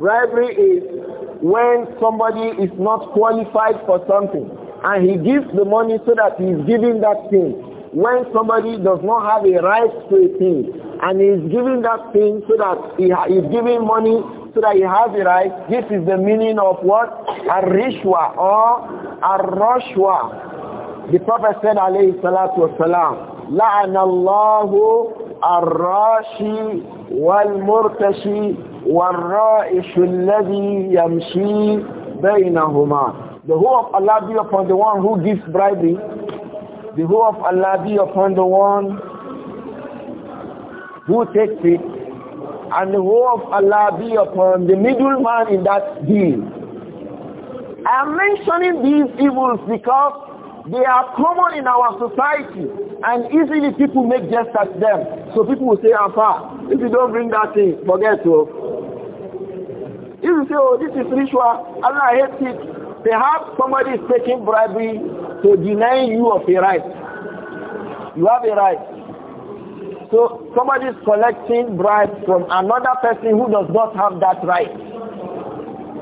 Bribery is when somebody is not qualified for something and he gives the money so that he is giving that thing. When somebody does not have a right to a thing and he is giving that thing so that he is giving money so that he has the right. This is the meaning of what? Ar-Rishwa or Ar-Rashwa. The Prophet said, alayhi salatu wasalam, لَعَنَ اللَّهُ الرَّاشِ وَالْمُرْتَشِ وَالرَّائِشُ الَّذِي يَمْشِي بَيْنَهُمَا The whole of Allah be upon the one who gives bribery. The whole of Allah be upon the one who takes it and the woe of Allah be upon the middleman in that deal. I am mentioning these evils because they are common in our society and easily people make jest at them. So people will say, Afa, if you don't bring that thing, forget to. If you say, oh, this is ritual, Allah hates it. Perhaps somebody is taking bribery to deny you of a right. You have a right. So somebody is collecting bribes from another person who does not have that right.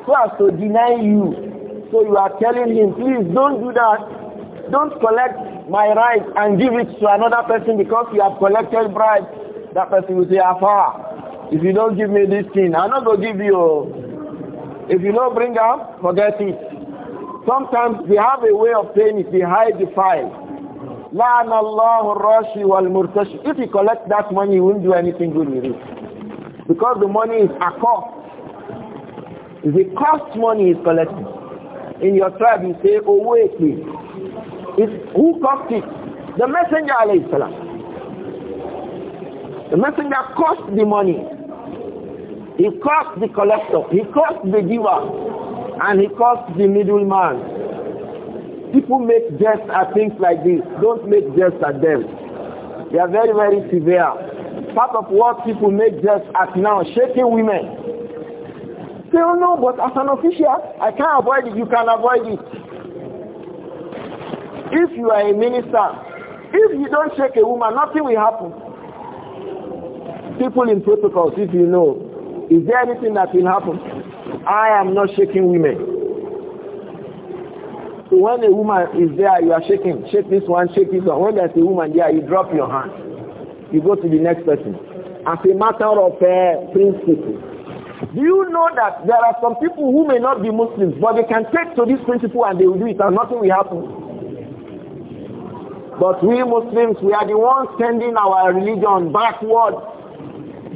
So as to deny you. So you are telling him, please don't do that. Don't collect my right and give it to another person because you have collected bribes. That person will say, Afar, if you don't give me this thing, I'm not going to give you. Oh. If you don't bring up, forget it. Sometimes we have a way of paying if we hide the file. لَعْنَ اللَّهُ الرَّاشِ وَالْمُرْتَشِ If you collect that money, you won't do anything good with it. Because the money is a cost. The a cost money is collected. In your tribe, you say, oh wait, please. It's, who cost it? The messenger, alayhi salam. The messenger cost the money. He cost the collector. He cost the giver. And he cost the middleman. People make jests at things like this. Don't make jests at them. They are very, very severe. Part of what people make jests at now, shaking women. don't know, but as an official, I can't avoid it. You can avoid it. If you are a minister, if you don't shake a woman, nothing will happen. People in protocols, if you know, is there anything that will happen? I am not shaking women. So when a woman is there, you are shaking. Shake this one, shake this one. When there's a woman there, you drop your hand. You go to the next person. As a matter of uh, principle. Do you know that there are some people who may not be Muslims, but they can take to this principle and they will do it and nothing will happen. But we Muslims, we are the ones sending our religion backward.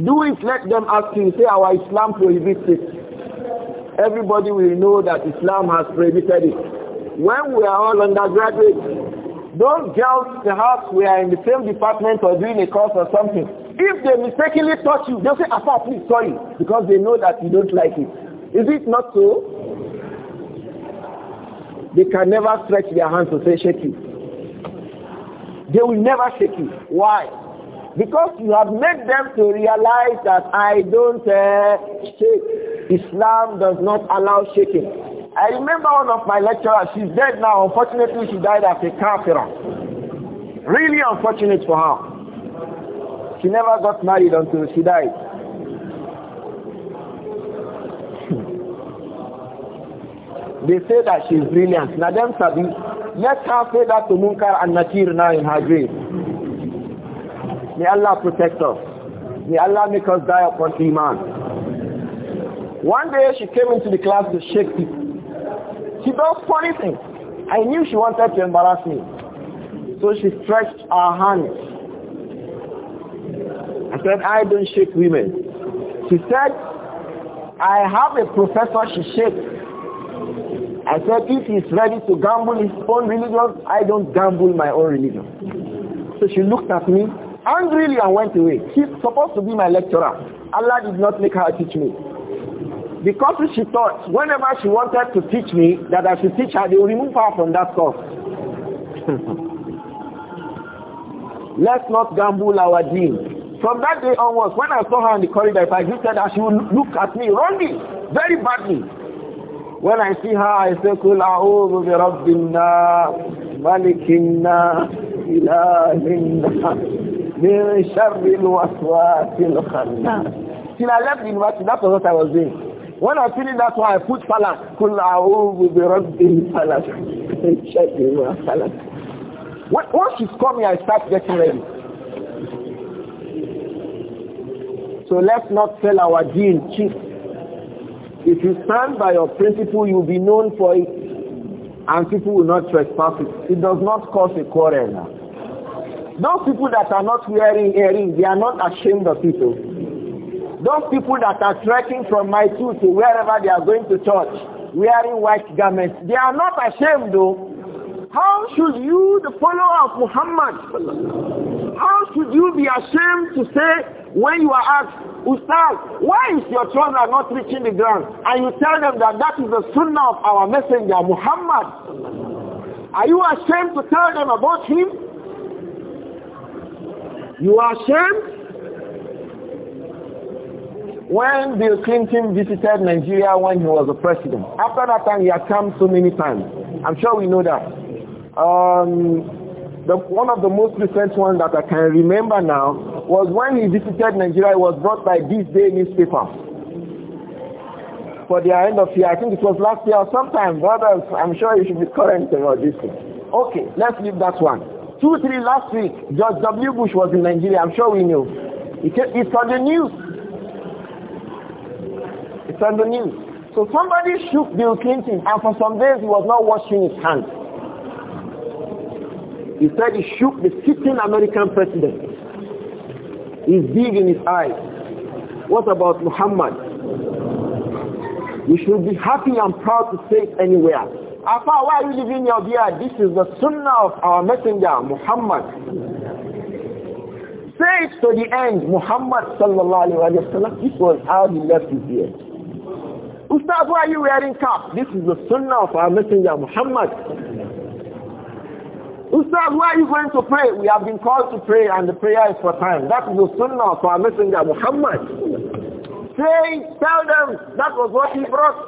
Do it, let them ask you, say our Islam prohibits it. Everybody will know that Islam has prohibited it when we are all undergraduates, those girls perhaps we are in the same department or doing a course or something. If they mistakenly touch you, they'll say, Apart, please, sorry, because they know that you don't like it. Is it not so? They can never stretch their hands to say, shake you. They will never shake you. Why? Because you have made them to realize that I don't uh, shake. Islam does not allow shaking. I remember one of my lecturers, she's dead now. Unfortunately, she died as a kafira. Really unfortunate for her. She never got married until she died. they say that she is brilliant. Nadem Sabi, let her say that to Munkar and Nakir now in her grave. May Allah protect us. May Allah make us die upon Iman. One day she came into the class to shake she does funny things. I knew she wanted to embarrass me. So she stretched her hand. I said, I don't shake women. She said, I have a professor she shakes. I said, if he's ready to gamble his own religion, I don't gamble my own religion. So she looked at me angrily and went away. She's supposed to be my lecturer. Allah did not make her teach me. Because she thought, whenever she wanted to teach me, that I should teach her, they will remove her from that course. Let's not gamble our deen. From that day onwards, when I saw her in the corridor, if I greeted her, she would look at me wrongly, very badly. When I see her, I say, Kul a'udhu bi rabbinna, malikinna, ilahinna. من شر الوسواس الخناس till I left the university, that's what I was doing. When I'm feeling that way, I put salah. Kul bi rabbil falaq. Once she's coming, I start getting ready. So let's not sell our deen cheap. If you stand by your principle, you'll be known for it. And people will not trespass it. It does not cause a quarrel. Those people that are not wearing earrings, they are not ashamed of people. Those people that are trekking from my two to wherever they are going to church, wearing white garments, they are not ashamed though. How should you, the follower of Muhammad, how should you be ashamed to say when you are asked, Ustaz, why is your trouser not reaching the ground? And you tell them that that is the sunnah of our messenger, Muhammad. Are you ashamed to tell them about him? You are ashamed? When Bill Clinton visited Nigeria when he was the president, after that time he had come so many times. I'm sure we know that. Um, the, one of the most recent ones that I can remember now was when he visited Nigeria, it was brought by This Day newspaper for their end of year. I think it was last year or sometime. Brothers, I'm sure you should be current about this thing. Okay, let's leave that one. Two, three last week, George W. Bush was in Nigeria. I'm sure we knew. It's on the news. It's on the news. So somebody shook Bill Clinton and for some days he was not washing his hands. He said he shook the sitting American president. He's big in his eyes. What about Muhammad? You should be happy and proud to say it anywhere. Afa, why are you living your beard? This is the sunnah of our messenger, Muhammad. Say it to the end, Muhammad sallallahu alayhi wa sallam. This was how he left his beard. Ustaz, why are you wearing cap? This is the sunnah of our messenger Muhammad. Ustaz, why are you going to pray? We have been called to pray and the prayer is for time. That is the sunnah of our messenger Muhammad. Say, tell them that was what he brought.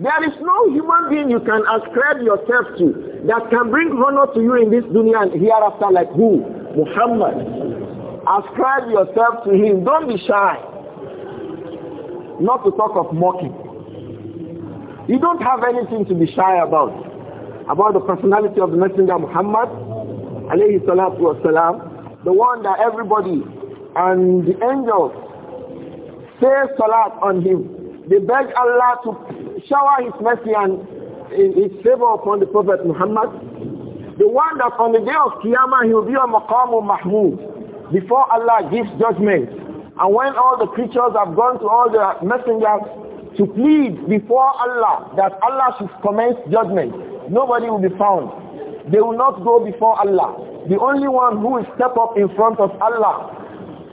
There is no human being you can ascribe yourself to that can bring honor to you in this dunya and hereafter like who? Muhammad. Ascribe yourself to him. Don't be shy not to talk of mocking. You don't have anything to be shy about, about the personality of the Messenger Muhammad, alayhi salatu wasalam, the one that everybody and the angels say salat on him. They beg Allah to shower his mercy and his favor upon the Prophet Muhammad. The one that on the day of Qiyamah he will be on al Mahmud before Allah gives judgment. And when all the creatures have gone to all the messengers to plead before Allah that Allah should commence judgment, nobody will be found. They will not go before Allah. The only one who will step up in front of Allah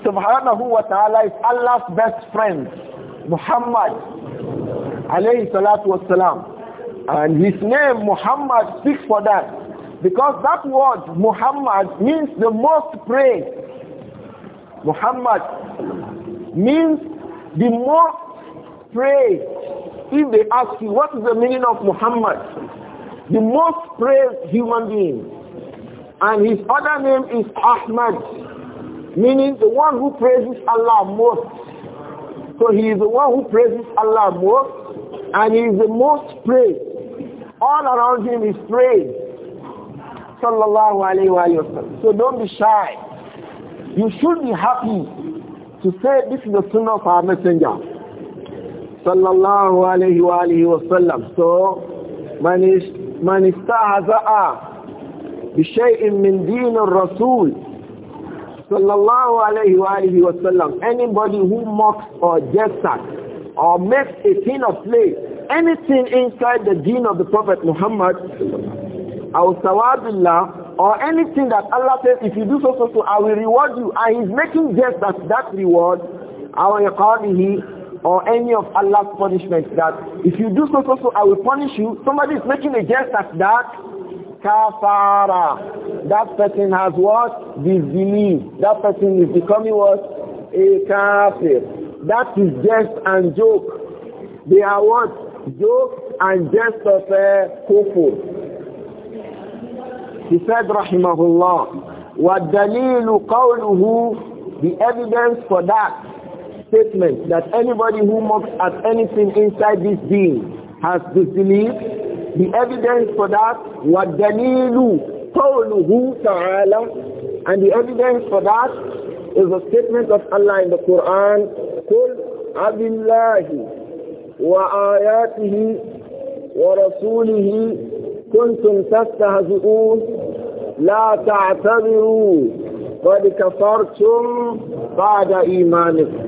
subhanahu wa ta'ala is Allah's best friend, Muhammad alayhi salatu wasalam. And his name Muhammad speaks for that. Because that word Muhammad means the most praised. Muhammad means the more praise. If they ask you, what is the meaning of Muhammad? The most praised human being. And his other name is Ahmad, meaning the one who praises Allah most. So he is the one who praises Allah most, and he is the most praised. All around him is praise. Sallallahu wa So don't be shy. You should be happy to say this is the sunnah of our messenger. Sallallahu alayhi wa wa sallam. So, man, is, man istahza'a بشيء من rasul الرسول صلى الله عليه anybody who mocks or jests at or makes a thing of play anything inside the deen of the Prophet Muhammad أو ثواب or anything that Allah says, if you do so, so, so, I will reward you. And he's making just that, that reward, our or any of Allah's punishment that if you do so, so, so, I will punish you. Somebody is making a jest at that. Kafara. That person has what? Disbelief. That person is becoming what? A kafir. That is jest and joke. They are what? Joke and jest of uh, kufur. He said, Rahimahullah, وَالدَّلِيلُ قَوْلُهُ The evidence for that statement that anybody who mocks at anything inside this being has disbelief. the evidence for that وَالدَّلِيلُ قَوْلُهُ تَعَالَى And the evidence for that is the statement of Allah in the Quran, قُلْ عَبِ اللَّهِ وَآيَاتِهِ ورسوله كنتم تستهزئون لا تعتبروا قد كفرتم بعد إيمانكم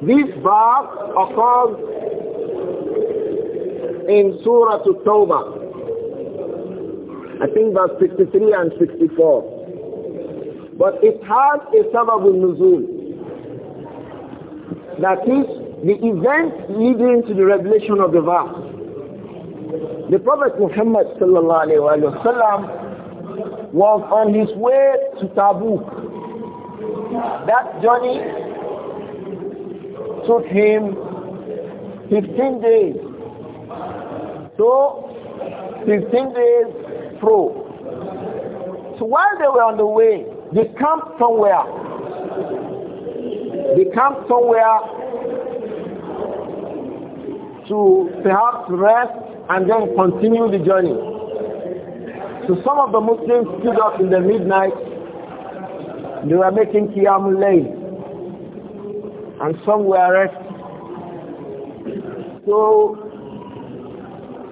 This verse occurs in Surah At-Tawbah. I think verse 63 and 64. But it has a sababul nuzul. That is the event leading to the revelation of the verse. The Prophet Muhammad وسلم, was on his way to Tabuk. That journey took him 15 days. So, 15 days through. So while they were on the way, they camped somewhere. They camped somewhere to perhaps rest and then continue the journey. So some of the Muslims stood up in the midnight. They were making Qiyamul Layl. And some were resting. So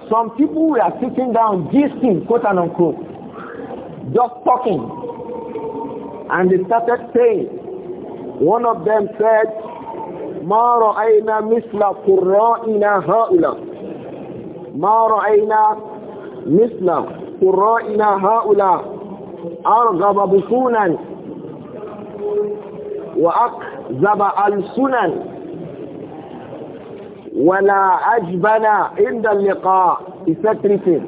some people were sitting down, gisting, quote and unquote, just talking. And they started saying, one of them said, "Ma رأينا misla قرائنا هؤلاء ما رأينا مثل قرائنا هؤلاء أرغب بصونا وأكذب ألسنا ولا أجبنا عند اللقاء بسترفه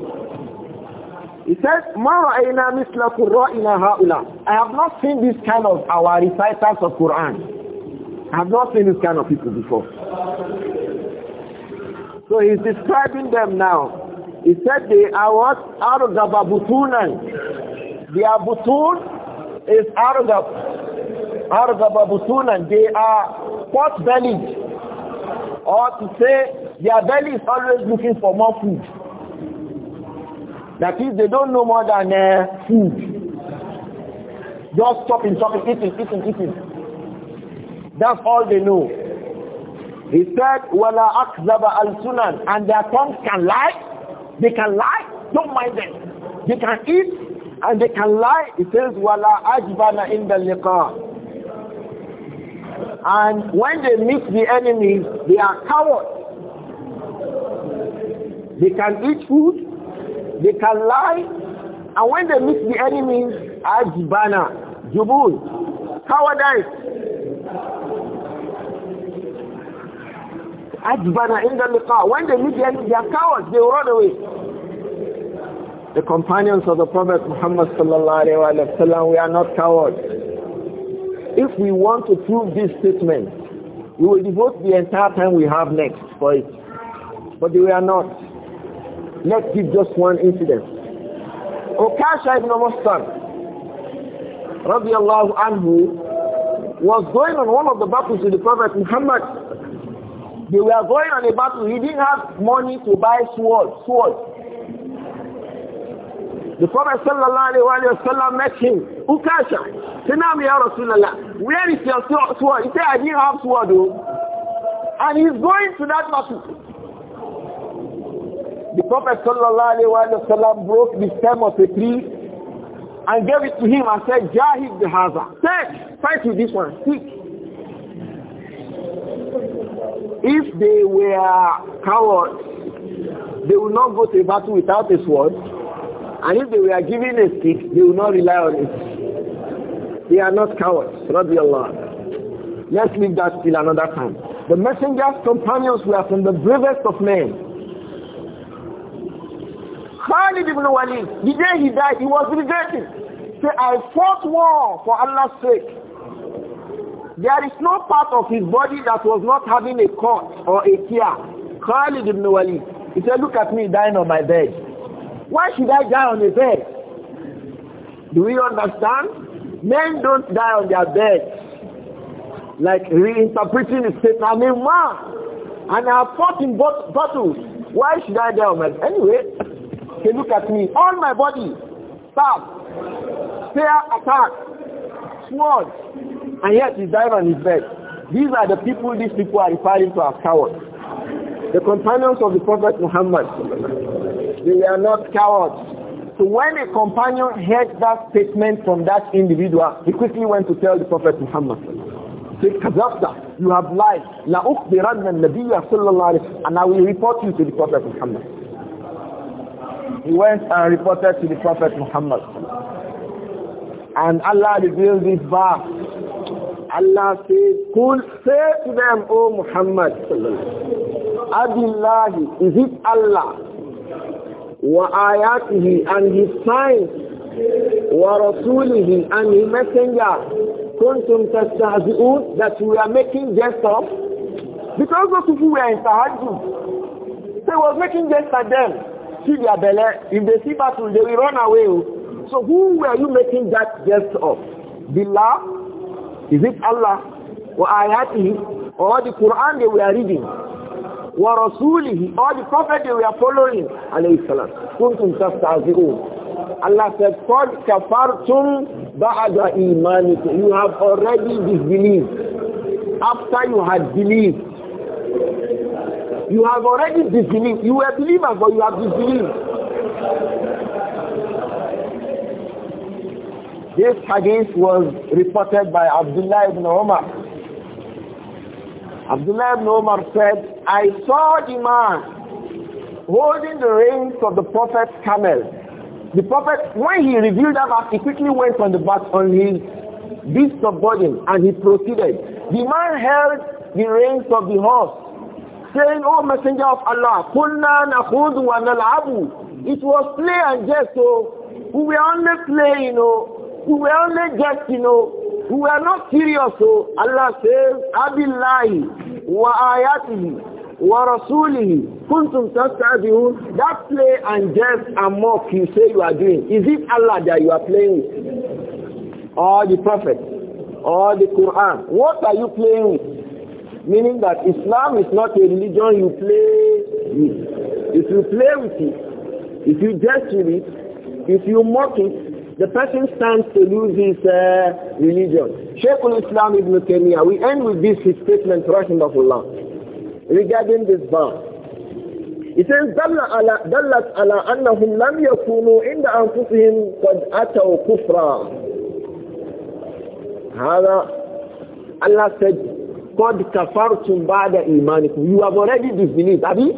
He said, ما رأينا مثل قرائنا هؤلاء I have not seen this kind of our reciters of Quran I have not seen this kind of people before So he's describing them now. He said they are what? Arugaba butunan. The butun is arugab. Arugaba butunan. They are pot bellied. Or to say their belly is always looking for more food. That is, they don't know more than uh, food. Just chopping, chopping, eating, eating, eating. That's all they know. He said, Wala akzaba al sunan. And their tongues can lie. They can lie. Don't mind them. They can eat and they can lie. He says, Wala ajbana in the liqa. And when they meet the enemies, they are cowards. They can eat food. They can lie. And when they meet the enemies, ajbana, jubul, cowardice. Ajbana in the liqa. When they meet them, they are cowards. They run away. The companions of the Prophet Muhammad sallallahu alaihi wasallam, we are not cowards. If we want to prove this statement, we will devote the entire time we have next for it. But we are not. Let's give just one incident. Okasha ibn Mustan, radiallahu anhu, was going on one of the battles with the Prophet Muhammad they were going on a battle. He didn't have money to buy sword. Sword. The Prophet sallallahu met him. Ukasha. Say, ya Rasulallah. Where is your sword? He said, I didn't have sword. Though. And he's going to that battle. The Prophet sallallahu broke the stem of a tree and gave it to him and said, Jahid the hazard. Take, fight with this one. Seek. If they were cowards, they would not go to a battle without a sword. And if they were given a stick, they would not rely on it. They are not cowards. Allah. Let's leave that till another time. The messenger's companions were from the bravest of men. Khalid ibn Walid, the day he died, he was regretting. Say, I fought war for Allah's sake. There is no part of his body that was not having a cut or a tear. Khalid ibn Walid. He said, look at me dying on my bed. Why should I die on a bed? Do we understand? Men don't die on their beds. Like reinterpreting the statement. I am a man. And I fought in bot bottles. Why should I die on my bed? Anyway, he look at me. All my body. Stab. Spear attack. Sword. And yet he died on his bed. These are the people these people are referring to as cowards. The companions of the Prophet Muhammad, they are not cowards. So when a companion heard that statement from that individual, he quickly went to tell the Prophet Muhammad. Say, Kazafta, you have lied. La ukhbiranna nabiyya sallallahu alayhi And I will report you to the Prophet Muhammad. He went and reported to the Prophet Muhammad. And Allah revealed this verse Allah says, Qul say to them, O Muhammad, Adillahi, is it Allah? Wa ayatihi and his signs, wa rasulihi and his messenger, kuntum tastahzi'un that we are making jest of? Because those people were in Tahajjud. They were making jest at them. See their belly. If they see battle, they will run away. Oh. So who were you making that jest of? Billah? Is it Allah or Ayati or the Quran that we are reading? Wa Rasulihi or the Prophet that we are following? Alayhi salam. Kuntum tasta'zi'un. Allah said, قَدْ كَفَرْتُمْ بَعْدَ إِيمَانِكُمْ You have already disbelieved. After you had believed, you have already disbelieved. You were believers, but you have disbelieved. This hadith was reported by Abdullah ibn Umar. Abdullah ibn Umar said, I saw the man holding the reins of the prophet's camel. The prophet, when he revealed that he quickly went on the back on his beast of burden and he proceeded. The man held the reins of the horse saying, O Messenger of Allah, Kulna nakhudu wa nal'abu. It was play and jest, so we were only playing, you know, who were only just, you know, who were not serious. So Allah says, Abillahi wa ayatihi wa rasulihi kuntum tastajihun. That play and jest and mock you say you are doing. Is it Allah that you are playing with? Or the Prophet? Or the Quran? What are you playing with? Meaning that Islam is not a religion you play with. If you play with it, if you jest with it, if you mock it, the person stands to lose his uh, religion. Sheikh al-Islam ibn Taymiyyah, we end with this his statement, rahimahullah, regarding this vow. He says, دلت على أنهم لم يكونوا عند أنفسهم قد أتوا كفرا. هذا Allah said, قد كفرتم بعد إيمانكم. You have already disbelieved, have you?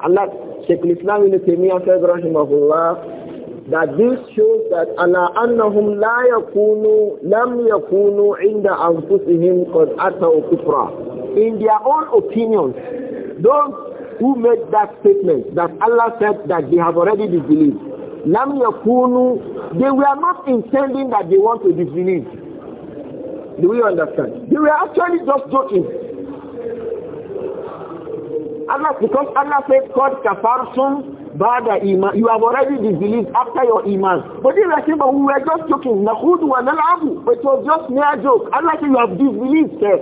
Allah, Sheikh al-Islam ibn Taymiyyah said, rahimahullah, that this shows that ala annahum la yakunu lam yakunu inda anfusihim qad atau kufra in their own opinions those who made that statement that Allah said that they have already disbelieved lam yakunu they were not intending that they want to disbelieve do we understand they were actually just joking Allah because Allah said qad kafartum Bada iman, you have already disbelieved after your iman. But you I we were just joking. Nakhud wa nal'abu. It was just mere joke. Allah said, you have disbelieved, sir.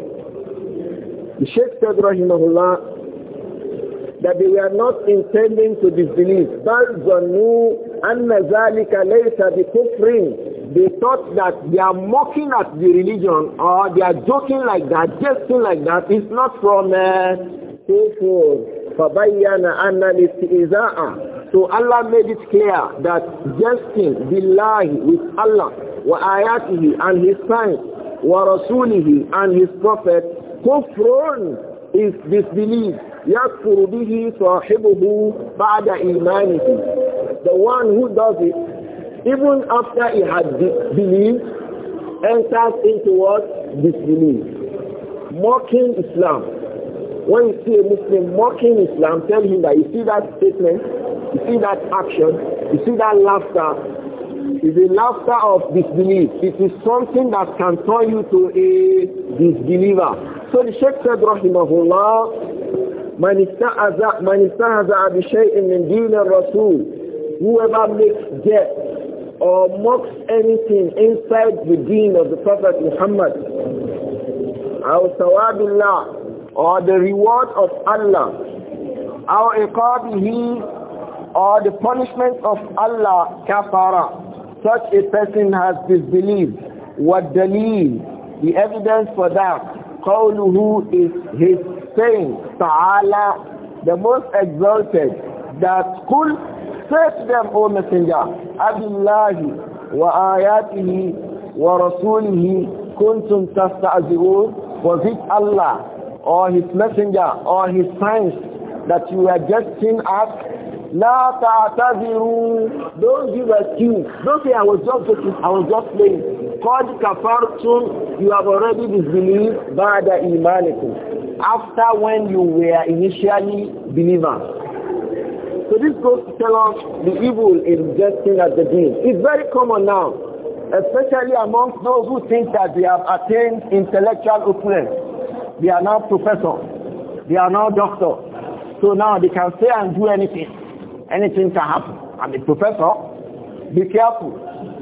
The Sheikh said, Rahimahullah, that they were not intending to disbelieve. بَلْ ظَنُّوا أَنَّ ذَلِكَ لَيْسَ بِكُفْرٍ they thought that they are mocking at the religion or they are joking like that, jesting like that. It's not from uh, kufur. فَبَيَّنَ أَنَّ الْإِسْتِئِذَاءَ So Allah made it clear that jesting billahi with Allah wa ayatihi and his signs wa rasulihi and his prophet kufrun is disbelief yakfur bihi sahibuhu ba'da imanihi the one who does it even after he had believed enters into what disbelief mocking islam when you see a Muslim mocking Islam, tell him that you see that statement, you see that action, you see that laughter, It is a laughter of disbelief. It is something that can turn you to a disbeliever. So the Sheikh said, Rahimahullah, Man istahaza bi shay'in min deen rasul Whoever makes death or mocks anything inside the deen of the Prophet Muhammad, أو ثواب الله or the reward of Allah our عقابه or the punishment of Allah kafara such a person has disbelieved what dalil the evidence for that qawluhu is his saying ta'ala the most exalted that qul say to them o messenger abillahi wa ayatihi wa rasulihi kuntum tasta'zirun was it Allah or his messenger or his signs that you are getting at La ta'tadiru. Don't give excuse. Don't say I was just joking. I was just playing. Qad kafartum. You have already disbelieved ba'da imanikum. After when you were initially believers. So this goes to tell us the evil in jesting at the deen. It's very common now, especially amongst those who think that they have attained intellectual openness. They are now professor. They are now doctor. So now they can say and do anything. Anything can happen. I'm a professor. Be careful.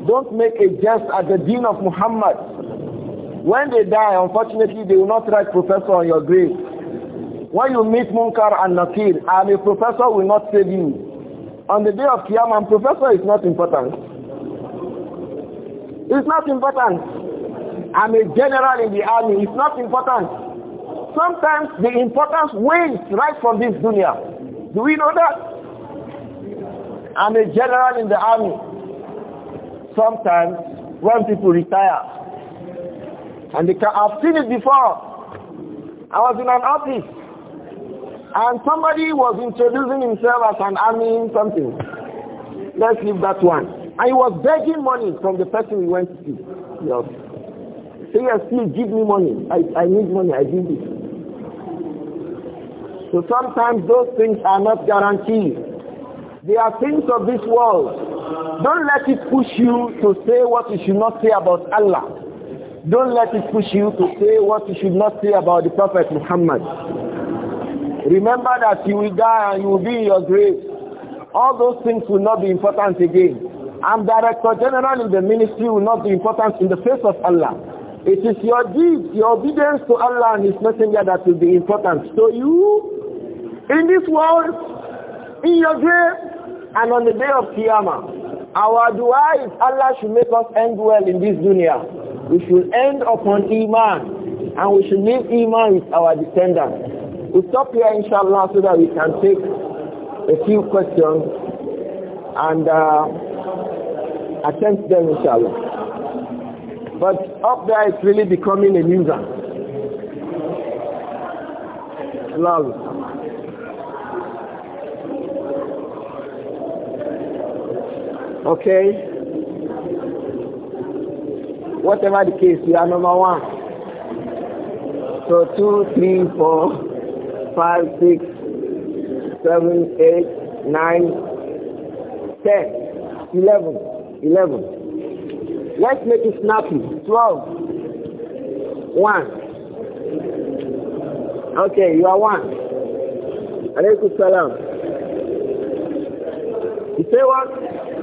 Don't make a jest at the dean of Muhammad. When they die, unfortunately, they will not write professor on your grave. When you meet Munkar and Nakir, I'm a professor will not save you. On the day of Qiyamah, professor is not important. It's not important. I'm a general in the army. It's not important sometimes the importance wanes right from this dunya. Do we know that? I'm a general in the army. Sometimes when people retire, and they can, I've seen it before. I was in an office, and somebody was introducing himself as an army something. Let's leave that one. And he was begging money from the person he went to see. Yes. Say, yes, please give me money. I, I need money. I need it. So sometimes those things are not guaranteed. They are things of this world. Don't let it push you to say what you should not say about Allah. Don't let it push you to say what you should not say about the Prophet Muhammad. Remember that you will die and you will be in your grave. All those things will not be important again. I'm Director General in the ministry will not be important in the face of Allah. It is your deeds, your obedience to Allah and His Messenger that will be important. So you in this world, in your grave, and on the day of Qiyamah. Our dua is Allah should make us end well in this dunya. We should end upon Iman, and we should leave Iman with our descendants. we we'll stop here, inshallah, so that we can take a few questions and uh, attempt them, inshallah. But up there, it's really becoming a nuisance. Love. Okay? Whatever the case, you are number one. So two, three, four, five, six, seven, eight, nine, ten, eleven, eleven. Let's make it snappy. Twelve. One. Okay, you are one. Alaykum salam. You say what?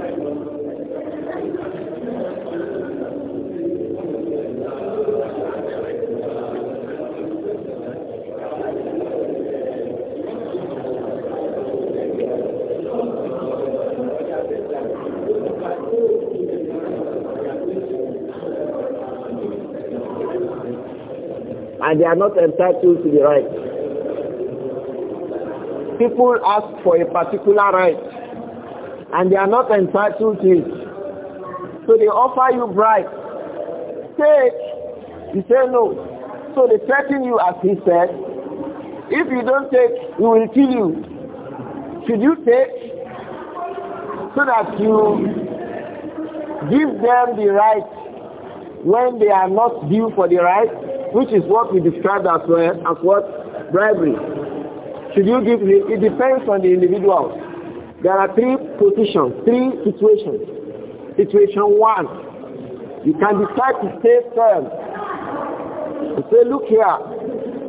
and they are not entitled to the right. People ask for a particular right and they are not entitled to it. So they offer you bribe. Take. You say no. So they threaten you as he said. If you don't take, we will kill you. Should you take? So that you give them the right when they are not due for the right which is what we described as well uh, as what bribery. Should you give him? It depends on the individual. There are three positions, three situations. Situation one, you can decide to stay firm. To say, look here,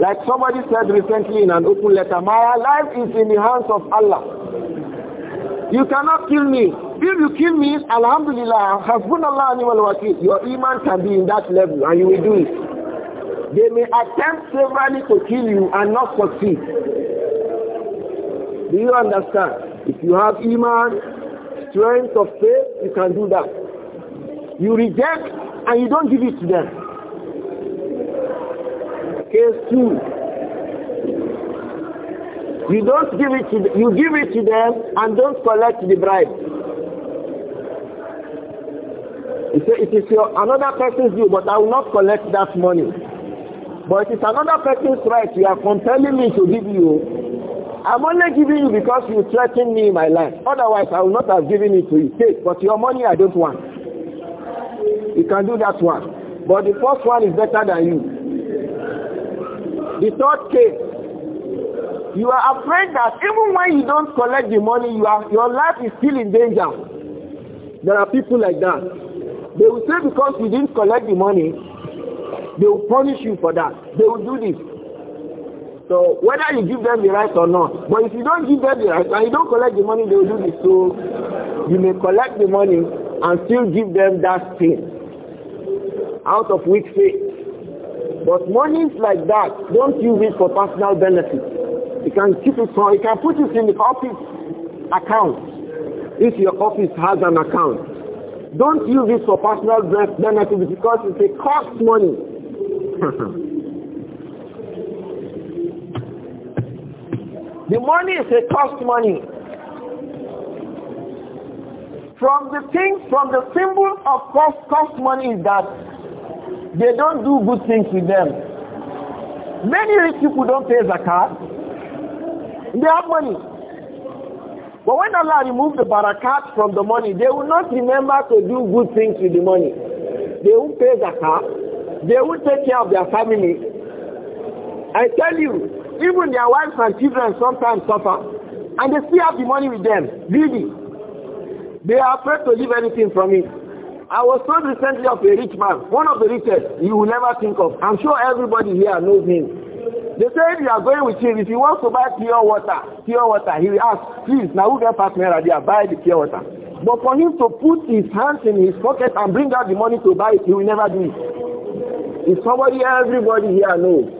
like somebody said recently in an open letter, my life is in the hands of Allah. You cannot kill me. If you kill me, Alhamdulillah, Hasbunallah ni Your iman can be in that level and you will do it. They may attempt severally to kill you and not succeed. Do you understand? If you have iman, strength of faith, you can do that. You reject and you don't give it to them. Case two. You don't give it to them, you give it to them and don't collect the bribe. It is your, another person's due, but I will not collect that money. But it's another person's right. You are compelling me to give you. I'm only giving you because you threatened me in my life. Otherwise, I would not have given it to you. Take, but your money I don't want. You can do that one. But the first one is better than you. The third case, you are afraid that even when you don't collect the money, you are, your life is still in danger. There are people like that. They will say because we didn't collect the money, they will punish you for that. They will do this. So whether you give them the right or not, but if you don't give them the right and you don't collect the money, they will do this. So you may collect the money and still give them that thing out of weak faith. But monies like that, don't use it for personal benefit. You can keep it for, you can put it in the office account if your office has an account. Don't use it for personal benefit because it costs money. The money is a cost money. From the thing, from the symbol of cost, cost money is that they don't do good things with them. Many rich people don't pay zakat. They have money. But when Allah removes the barakat from the money, they will not remember to do good things with the money. They won't pay zakat. They will take care of their family. I tell you, even their wives and children sometimes suffer. And they still have the money with them, Really, They are afraid to leave anything from it. I was told recently of a rich man, one of the richest you will never think of. I'm sure everybody here knows him. They say if you are going with him, if he wants to buy pure water, pure water, he will ask, please, now who get me there, buy the pure water. But for him to put his hands in his pocket and bring out the money to buy it, he will never do it. It's somebody everybody here knows.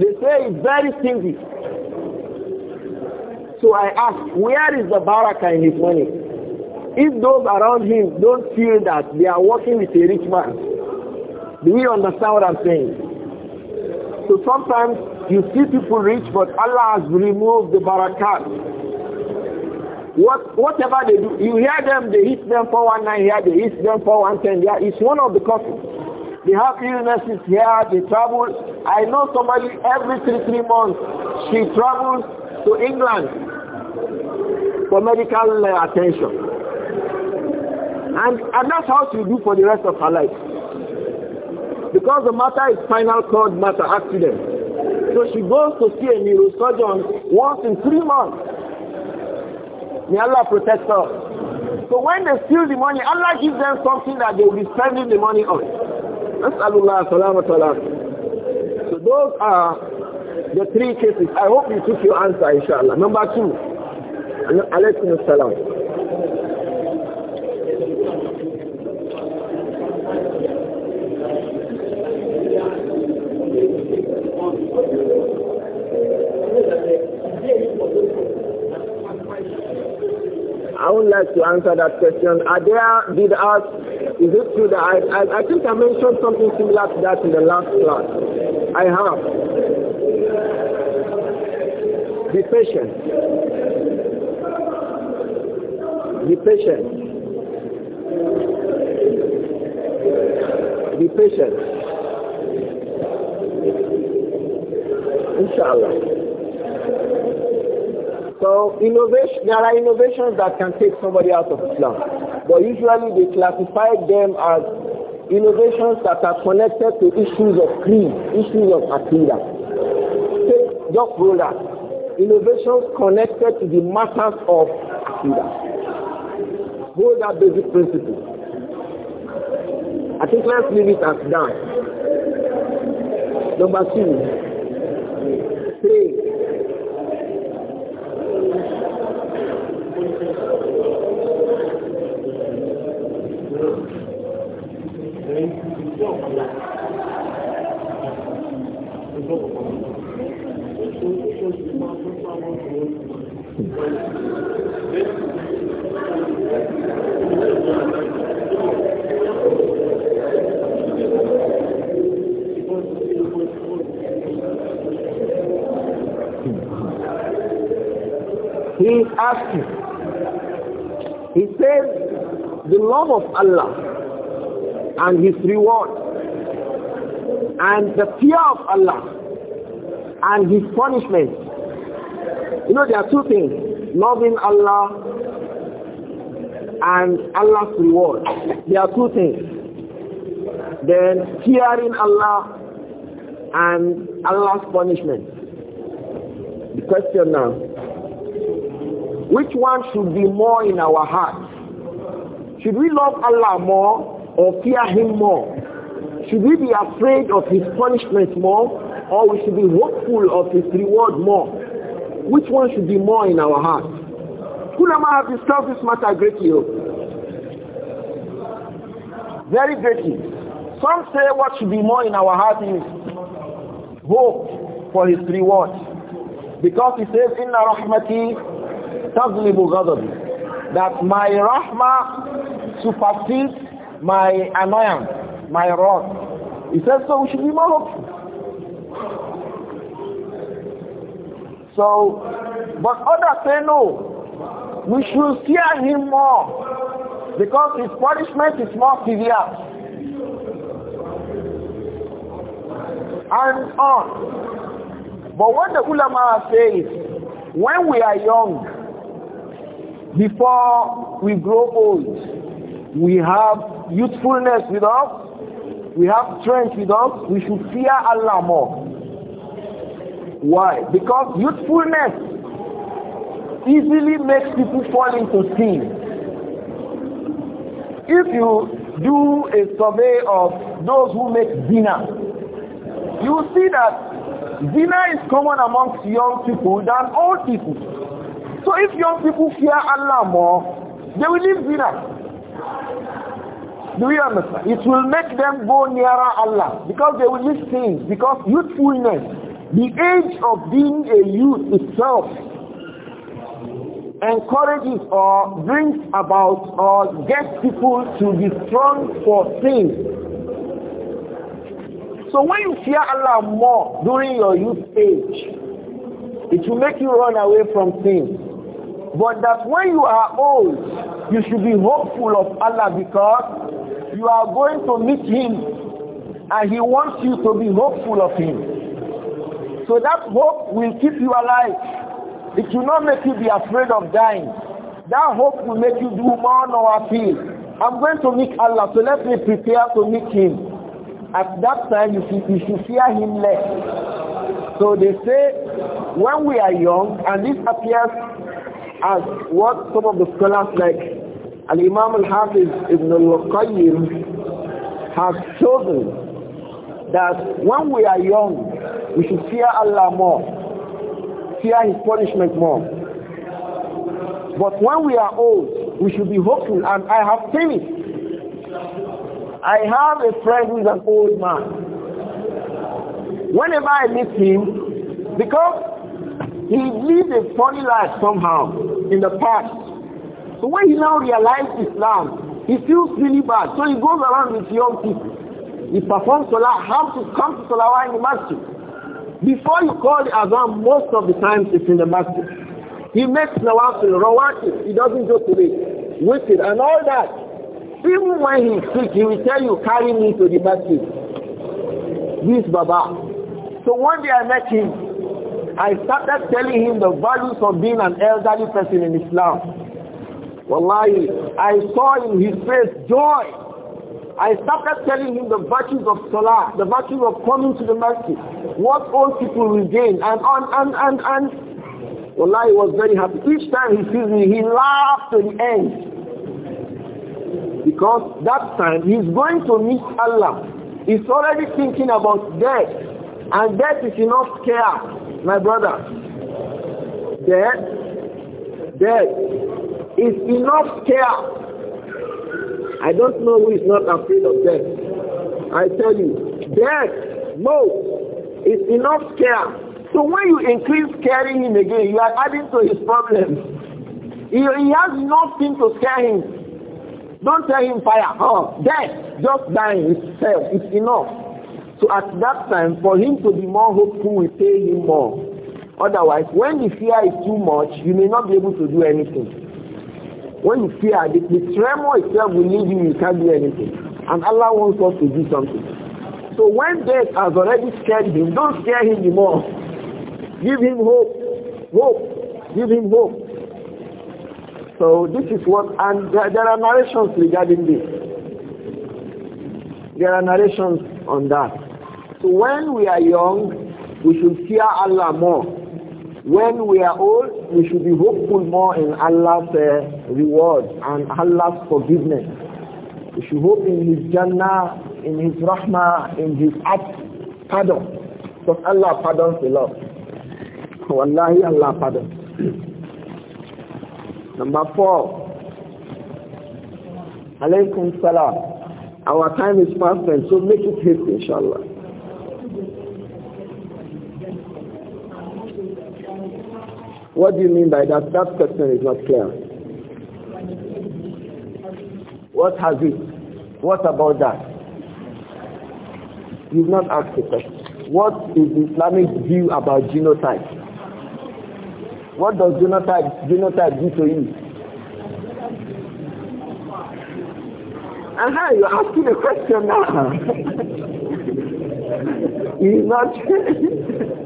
They say it's very stingy. So I ask, where is the baraka in his money? If those around him don't feel that they are working with a rich man, do we understand what I'm saying? So sometimes you see people rich, but Allah has removed the barakat. What, whatever they do, you hear them, they hit them for one night, here, they hit them for one ten here. It's one of the causes. The have illnesses here, they travel. I know somebody every three, three months, she travels to England for medical uh, attention. And, and that's how she do for the rest of her life. Because the matter is spinal cord matter accident. So she goes to see a neurosurgeon once in three months. May Allah protect us. So when they steal the money, Allah gives them something that they will be spending the money on. Nas'alullah salamat So those are the three cases. I hope you took your answer, inshallah. Number two, alaykum salam. I would like to answer that question. Are there bid'ahs is it true that I, I, I think I mentioned something similar to that in the last class. I have. Be patient. Be patient. Be patient. Inshallah. So innovation, there are innovations that can take somebody out of Islam. But usually they classify them as innovations that are connected to issues of creed, issues of akida. Take just roll Innovations connected to the matters of akida. Hold that basic principle. I think let's leave it as that. Number two. of Allah and his reward and the fear of Allah and his punishment. You know, there are two things. Loving Allah and Allah's reward. There are two things. Then fearing Allah and Allah's punishment. The question now, which one should be more in our heart? Should we love Allah more or fear him more? Should we be afraid of his punishment more or we should be hopeful of his reward more? Which one should be more in our heart? Ulama have discussed this matter greatly. Oh. Very greatly. Some say what should be more in our heart is hope for his reward. Because he says, Inna rahmati taglibu ghadabi that my rahma supersedes my annoyance, my wrath. He says, so we should be more hopeful. So, but others say no. We should fear him more because his punishment is more severe. And on. But what the ulama says, when we are young, before we grow old, we have youthfulness with us, we have strength with us, we should fear Allah more. Why? Because youthfulness easily makes people fall into sin. If you do a survey of those who make dinner, you will see that dinner is common amongst young people than old people. So if young people fear Allah more, they will leave zina. Do you understand? It will make them go nearer Allah because they will miss things. Because youthfulness, the age of being a youth itself encourages or brings about or gets people to be strong for things. So when you fear Allah more during your youth age, it will make you run away from things. But that when you are old, you should be hopeful of Allah because you are going to meet Him and He wants you to be hopeful of Him. So that hope will keep you alive. It will not make you be afraid of dying. That hope will make you do more nawafil. I'm going to meet Allah, so let me prepare to meet Him. At that time, you should, you should fear Him less. So they say, when we are young, and this appears as what some of the scholars like Al-Imam Al-Hafiz Ibn Al-Qayyim have chosen that when we are young, we should fear Allah more, fear His punishment more. But when we are old, we should be hopeful, and I have seen it. I have a friend who is an old man. Whenever I meet him, because he lived a funny life somehow in the past. So when he now realized Islam, he feels really bad. So he goes around with young people. He performs Salah, how to come to Salah in the masjid. Before you call the Azan, most of the times it's in the masjid. He makes Nawafil, Rawatib, he doesn't go to the wicked and all that. Even when he's sick, he will tell you, carry me to the masjid. This Baba. So one day I met him, I started telling him the values of being an elderly person in Islam. Wallahi, I saw in his face joy. I started telling him the virtues of Salah, the virtues of coming to the masjid, what old people regain, and on and and and. Wallahi was very happy. Each time he sees me, he laughs to the end. Because that time he's going to meet Allah. He's already thinking about death. And death is enough care my brother. Then, then, is enough care. I don't know who is not afraid of death. I tell you, death, no, it's enough care. So when you increase caring him again, you are adding to his problems. He, he has nothing to scare him. Don't tell him fire, oh, death, just dying itself, is enough. So at that time, for him to be more hopeful, we pay him more. Otherwise, when the fear is too much, you may not be able to do anything. When you fear, the, the tremor itself will leave you, you can't do anything. And Allah wants us to do something. So when death has already scared him, don't scare him anymore. Give him hope. Hope. Give him hope. So this is what, and there, there are narrations regarding this. There are narrations on that. So when we are young, we should fear Allah more. When we are old, we should be hopeful more in Allah's uh, reward and Allah's forgiveness. We should hope in His Jannah, in His Rahmah, in His at pardon. Because Allah pardons a lot. Wallahi, Allah pardons. Number four. Alaykum salam. Our time is passing. so make it haste, inshallah. What do you mean by that? That question is not clear. What has it? What about that? You've not asked the question. What is the Islamic view about genocide? What does genocide? Genocide do to you? Aha, you're asking the question now. He's not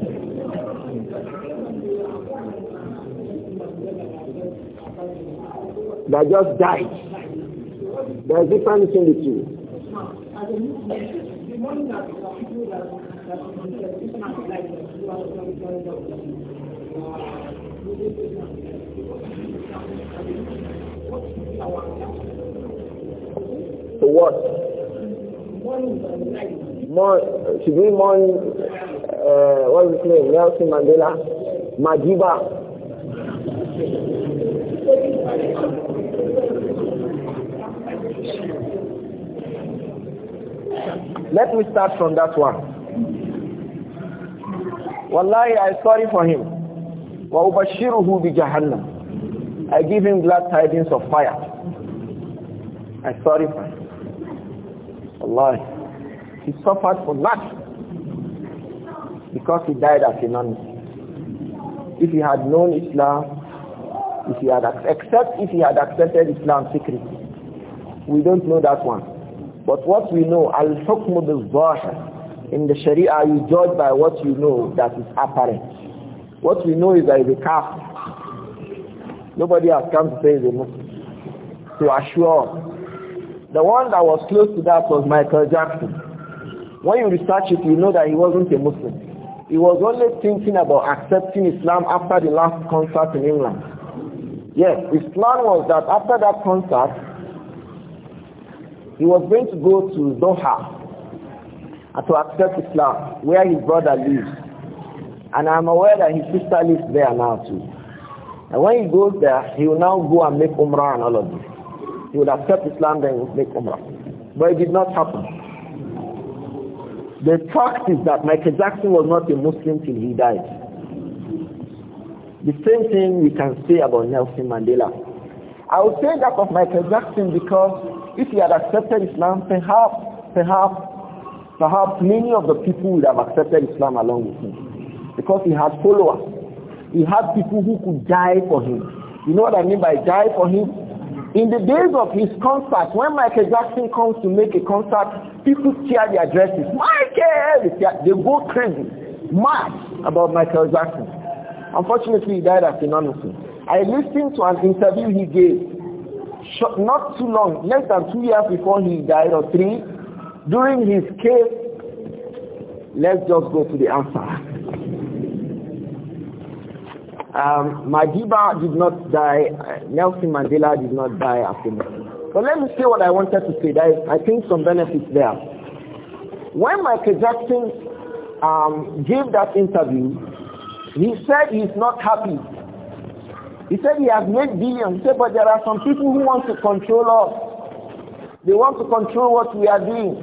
that just died. There is difference between the two. So what? More, should we mourn, uh, what's his name, Nelson Mandela? Madiba. Let me start from that one. Wallahi, I sorry for him. bi jahannam. I give him glad tidings of fire. I sorry for him. Wallahi. He suffered for that because he died as a non If he had known Islam, if he had accepted, if he had accepted Islam secretly, we don't know that one. But what we know, al-hukm bil-zahir, in the sharia you judge by what you know that is apparent. What we know is that he's a kafir. Nobody has come to say he's a Muslim. To assure. The one that was close to that was Michael Jackson. When you research it, you know that he wasn't a Muslim. He was only thinking about accepting Islam after the last concert in England. Yes, his plan was that after that concert, he was going to go to Doha to accept Islam, where his brother lives. And I'm aware that his sister lives there now too. And when he goes there, he will now go and make Umrah and all of this. He will accept Islam, then he will make Umrah. But it did not happen. The fact is that Michael Jackson was not a Muslim till he died. The same thing we can say about Nelson Mandela. I would say that of Michael Jackson because if he had accepted Islam, perhaps, perhaps, perhaps many of the people would have accepted Islam along with him. Because he had followers. He had people who could die for him. You know what I mean by die for him? In the days of his concert, when Michael Jackson comes to make a concert, people tear their dresses. Michael! They, go crazy, mad about Michael Jackson. Unfortunately, he died after a I listened to an interview he gave not too long, less than two years before he died or three, during his case, let's just go to the answer. um, Madiba did not die, uh, Nelson Mandela did not die after me. But let me say what I wanted to say. There is, I think some benefits there. When Michael Jackson um, gave that interview, he said he's not happy he said he has made billions. He said, but there are some people who want to control us. They want to control what we are doing.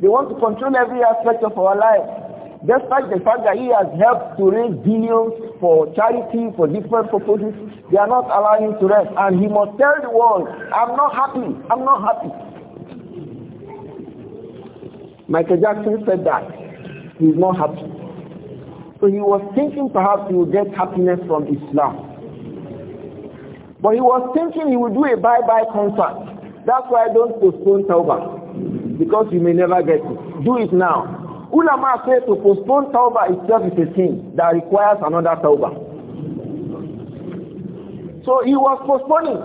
They want to control every aspect of our life. Despite the fact that he has helped to raise billions for charity, for different purposes, they are not allowing him to rest. And he must tell the world, I'm not happy, I'm not happy. Michael Jackson said that. He's not happy. So he was thinking perhaps he would get happiness from Islam. But he was thinking he would do a bye-bye concert. That's why I don't postpone Tawbah. Because you may never get it. Do it now. Ulama said to postpone Tawbah itself is a sin that requires another Tawbah. So he was postponing.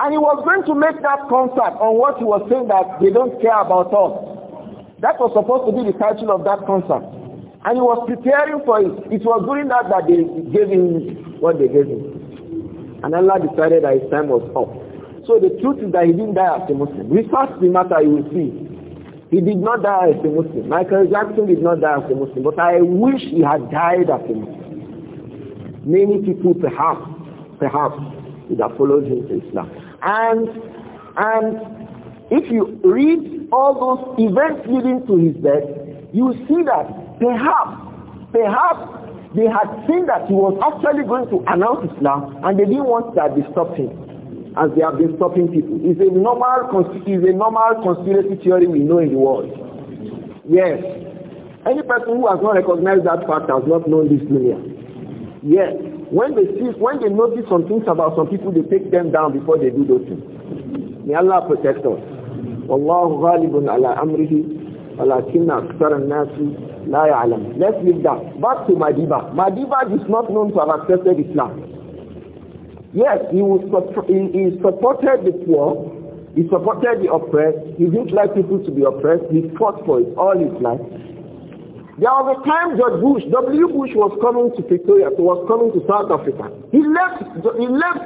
And he was going to make that concert on what he was saying that they don't care about us. That was supposed to be the title of that concert. And he was preparing for it. It was during that that they gave him what they gave him. And Allah decided that his time was up. So the truth is that he didn't die as a Muslim. Research the matter, you will see. He did not die as a Muslim. Michael Jackson did not die as a Muslim. But I wish he had died as a Muslim. Many people perhaps, perhaps, would have followed him to Islam. And, and if you read all those events leading to his death, you see that perhaps, perhaps they had seen that he was actually going to announce Islam and they didn't want that they him as they have been stopping people. It's a normal it's a normal conspiracy theory we know in the world. Yes. Any person who has not recognized that fact has not known this dunya. Yes. When they see when they notice some things about some people, they take them down before they do those things. May Allah protect us. Allah ghalibun ولكن أكثر الناس لا يعلم let's leave that back to Madiba Madiba is not known to have accepted Islam yes he was he, supported the poor he supported the oppressed he didn't like people to be oppressed he fought for it all his life there was a time George Bush, W. Bush was coming to Pretoria, He was coming to South Africa. He left, he left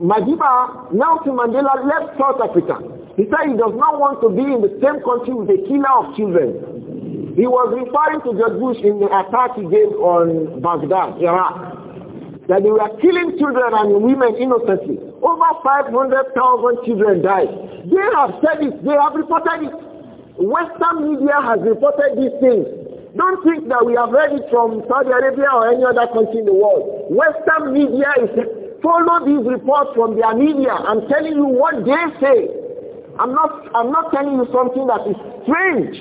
Madiba, Nelson Mandela left South Africa. He said he does not want to be in the same country with a killer of children. He was referring to George Bush in the attack he gave on Baghdad, Iraq. That they were killing children and women innocently. Over 500,000 children died. They have said it. They have reported it. Western media has reported these things. Don't think that we have heard it from Saudi Arabia or any other country in the world. Western media is follow these reports from their media. I'm telling you what they say. I'm not, I'm not telling you something that is strange.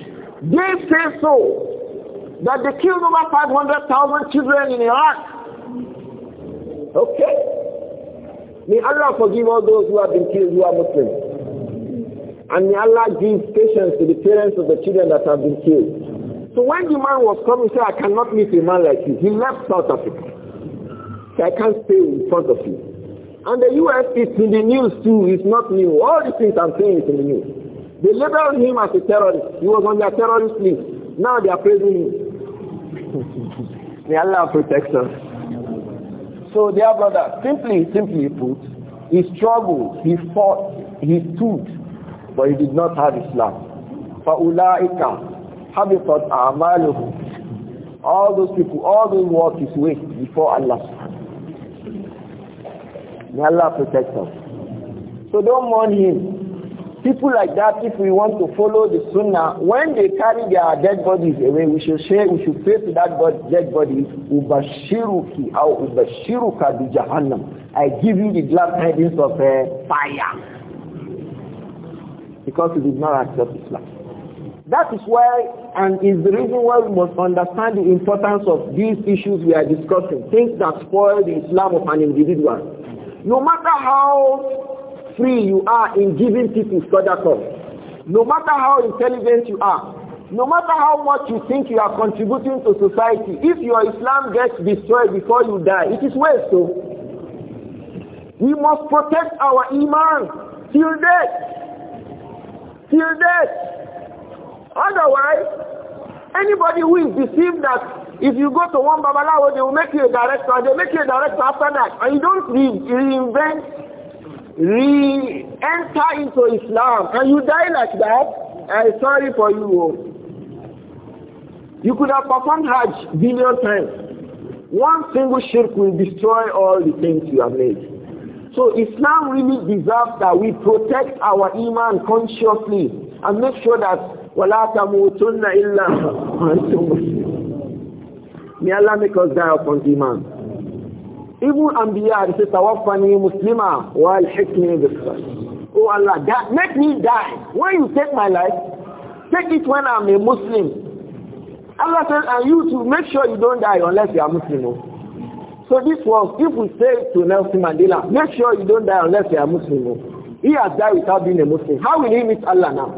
They say so, that they killed over 500,000 children in Iraq. Okay? May Allah forgive all those who have been killed who are Muslims. And may Allah give patience to the parents of the children that have been killed. So when the man was coming, he said, I cannot meet a man like you. He left South Africa. So I can't stay in front of you. And the U.S. is in the news too. It's not new. All these things I'm saying is in the news. They labeled him as a terrorist. He was on their terrorist list. Now they are praising him. May Allah protect us. So dear brother, simply, simply put, he struggled, he fought, he stood, but he did not have Islam. فَأُولَٰئِكَ حَبِطَتْ أَعْمَالُهُمْ All those people, all those work is waste before Allah May Allah protect us. So don't mourn him. People like that, if we want to follow the sunnah, when they carry their dead bodies away, we should say, we should pray to that body, dead body, Ubashiruki or Ubashiruka bi Jahannam. I give you the glad tidings of uh, fire. Because it is did not accept Islam. That is why, and is the reason why we must understand the importance of these issues we are discussing, things that spoil the Islam of an individual. No matter how free you are in giving people sadaqah, no matter how intelligent you are, no matter how much you think you are contributing to society, if your Islam gets destroyed before you die, it is waste. So we must protect our iman till death, till death. Otherwise, anybody who is deceived that if you go to one Babalawo, they will make you a director. They make you a director after that. And you don't re reinvent, re-enter into Islam. And you die like that. I'm sorry for you. Oh. You could have performed Hajj billion times. One single shirk will destroy all the things you have made. So Islam really deserves that we protect our iman consciously and make sure that وَلَا تَمُوتُنَّ إِلَّا May Allah make us die upon Iman. Even Anbiya, family say, Tawaffani Muslima, wal hikmi bisfar. Oh Allah, that, make me die. When you take my life, take it when I'm a Muslim. Allah said, and you to make sure you don't die unless you are Muslim. Oh. So this was, if we say to Nelson Mandela, make sure you don't die unless you are Muslim. Oh. He has died without being a Muslim. How will he meet Allah now?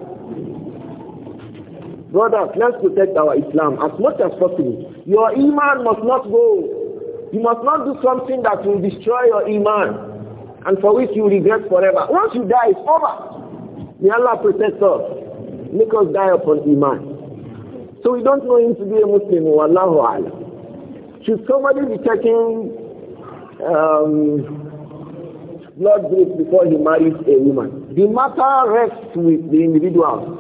Brothers, let's protect our Islam as much as possible. Your iman must not go. You must not do something that will destroy your iman and for which you regret forever. Once you die, it's over. May Allah protect us. Make us die upon iman. So we don't know him to be a Muslim. Wallahu ala. Should somebody be taking um, blood group before he marries a woman? The matter rests with the individual.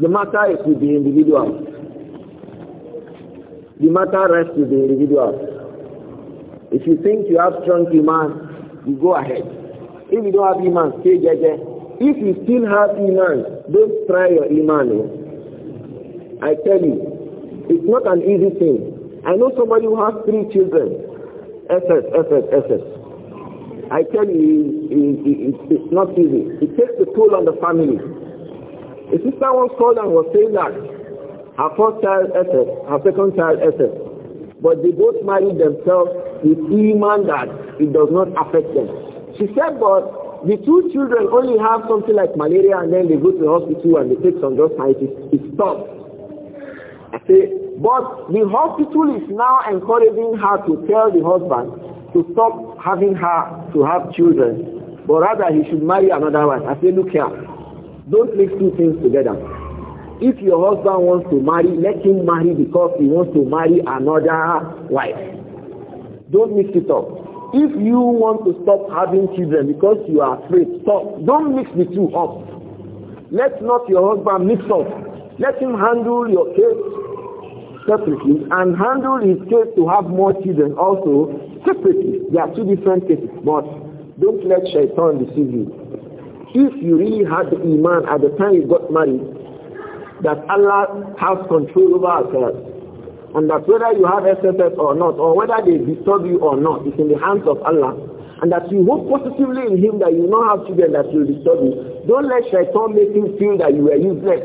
The matter is with the individual. The matter rests with the individual. If you think you have strong iman, you go ahead. If you don't have iman, stay jeje. If you still have iman, don't try your iman. Oh. I tell you, it's not an easy thing. I know somebody who has three children. SS, SS, SS. I tell you, it's not easy. It takes a toll on the family. A sister once called and was saying that her first child her second child But they both married themselves with man that it does not affect them. She said, but the two children only have something like malaria and then they go to the hospital and they take some drugs and it, it stops. I say, but the hospital is now encouraging her to tell the husband to stop having her to have children, but rather he should marry another one. I say, look here, don't mix two things together. If your husband wants to marry, let him marry because he wants to marry another wife. Don't mix it up. If you want to stop having children because you are afraid, stop. Don't mix the two up. Let not your husband mix up. Let him handle your case separately and handle his case to have more children also separately. There are two different cases, but don't let shaitan deceive you. If you really had the iman at the time you got married, that Allah has control over ourselves, And that whether you have SFS or not, or whether they disturb you or not, it's in the hands of Allah. And that you hope positively in Him that you will not have children that will disturb you. Don't let shaitan make you feel that you are useless.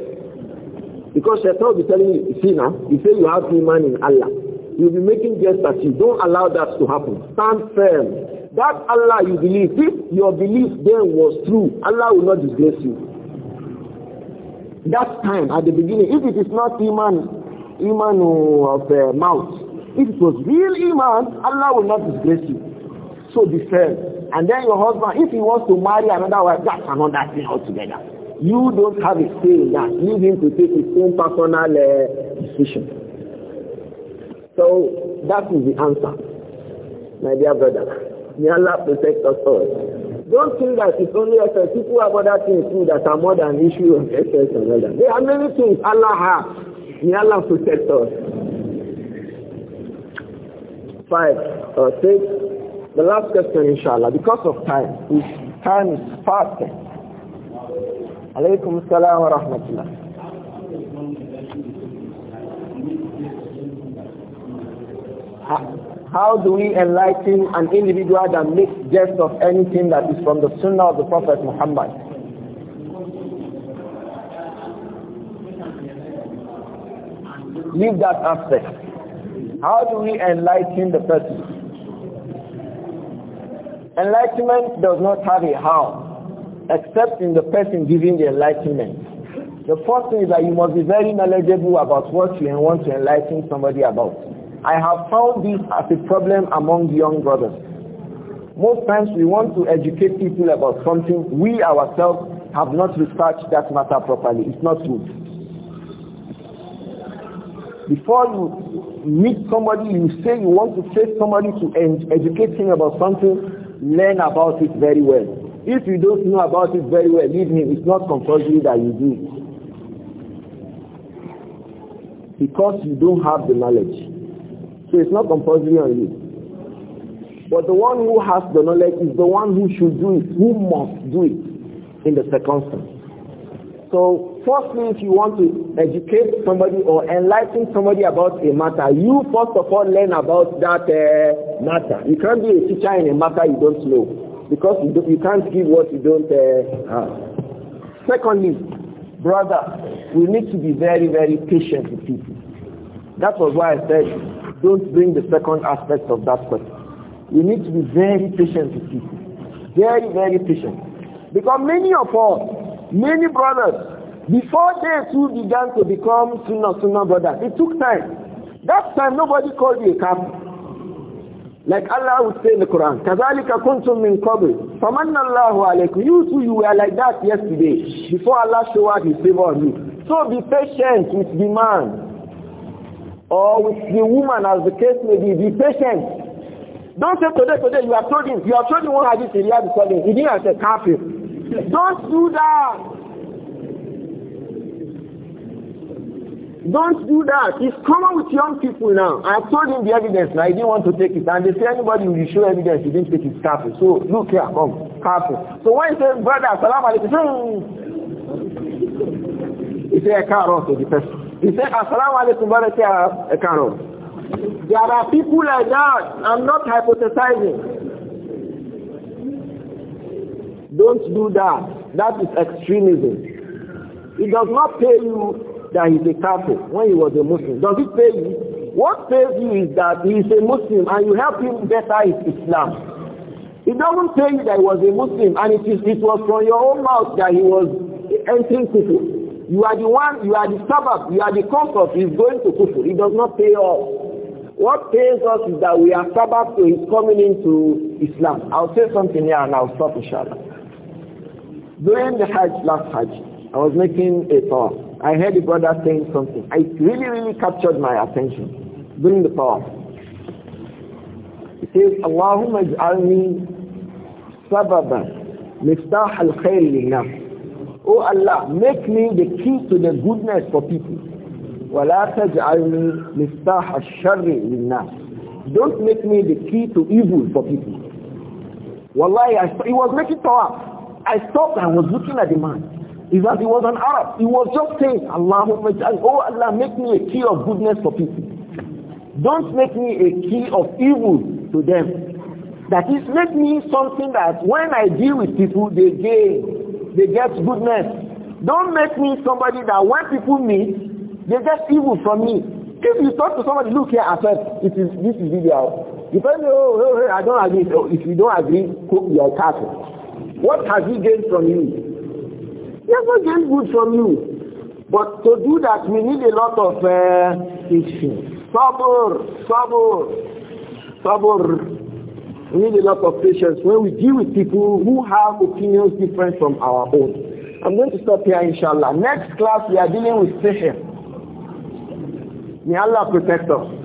Because shaitan will be telling you, see now, you say you have iman in Allah. You'll be making guess that you don't allow that to happen. Stand firm. That Allah you believe, if your belief then was true, Allah will not disgrace you that time at the beginning, if it is not iman, iman of uh, mouth, if it was real iman, Allah will not disgrace you. So defend. And then your husband, if he wants to marry another wife, that's another thing altogether. You don't have a say in that. Leave him to take his own personal uh, decision. So that is the answer, my dear brother. May Allah protect us all. Don't think that it's only SS. People have other things too that are more than issue of SS and all that. There are many things Allah has. May Allah protect us. Five or uh, six. The last question, inshallah, because of time. This time is fast. Alaykum salam wa rahmatullah. Ha. How do we enlighten an individual that makes jest of anything that is from the sunnah of the Prophet Muhammad? Leave that aspect. How do we enlighten the person? Enlightenment does not have a how, except in the person giving the enlightenment. The first thing is that you must be very knowledgeable about what you want to enlighten somebody about. I have found this as a problem among young brothers. Most times we want to educate people about something we ourselves have not researched that matter properly. It's not good. Before you meet somebody, you say you want to face somebody to educate him about something, learn about it very well. If you don't know about it very well, leave him. It's not compulsory that you do. Because you don't have the knowledge. So it's not compulsory on you. But the one who has the knowledge is the one who should do it, who must do it in the circumstance. So firstly, if you want to educate somebody or enlighten somebody about a matter, you first of all learn about that uh, matter. You can't be a teacher in a matter you don't know because you, do, you can't give what you don't uh, have. Secondly, brother, we need to be very, very patient with people. That was why I said don't bring the second aspect of that question. You need to be very patient with people. Very, very patient. Because many of us, many brothers, before they too began to become Sunnah Sunnah brothers, it took time. That time nobody called you a kafir. Like Allah would say in the Quran, كَذَلِكَ كُنْتُم مِّن قَبْلِ فَمَنَّ اللَّهُ عَلَيْكُمْ You too, you were like that yesterday, before Allah showed out His favor on you. So be patient with the man or with the woman as the case may be, be patient. Don't say today, today, you have told him, you have told him one hadith in Riyadh him. he didn't have a kafir. Don't do that. Don't do that. It's common with young people now. I told him the evidence and I didn't want to take it. And they say anybody will show evidence, He didn't take his kafir. So look here, come, kafir. So when he says, brother, salam alaikum, he said, hmm. I can't run to the person. He said, Assalamu alaikum barakatuh. There are people like that. I'm not hypothesizing. Don't do that. That is extremism. It does not pay you that he's a Catholic when he was a Muslim. Does it pay you? What pays you is that he is a Muslim and you help him better his Islam. It doesn't tell you that he was a Muslim and it, is, it was from your own mouth that he was entering people. You are the one, you are the sabbath, you are the comfort, he's going to Kufu. It does not pay off. What pays us is that we are sabbath to his coming into Islam. I'll say something here and I'll stop inshallah. During the Hajj, last Hajj, I was making a poem. I heard the brother saying something. It really, really captured my attention during the poem. He says, Allahumma ij'alni sababan miftah al-khair oh Allah, make me the key to the goodness for people. وَلَا تَجْعَلْنِي مِفْتَاحَ الشَّرِّ لِلنَّاسِ Don't make me the key to evil for people. Wallahi, I, he was making tawaf. I stopped and was looking at the man. Is that he was an Arab. He was just saying, Allahumma oh Allah, make me a key of goodness for people. Don't make me a key of evil to them. That is, make me something that when I deal with people, they gain they get goodness. Don't make me somebody that when people meet, they get evil from me. If you talk to somebody, look here, I said, it is, this is video. You tell me, oh, oh, hey, oh, I don't agree. Oh, if you don't agree, cook your cattle. What has he gained from you? He has not gained good from you. But to do that, we need a lot of uh, teaching. Sabur, sabur, sabur. We need a lot of patience when we deal with people who have opinions different from our own. I'm going to stop here, inshallah. Next class, we are dealing with sihr. May Allah protect us.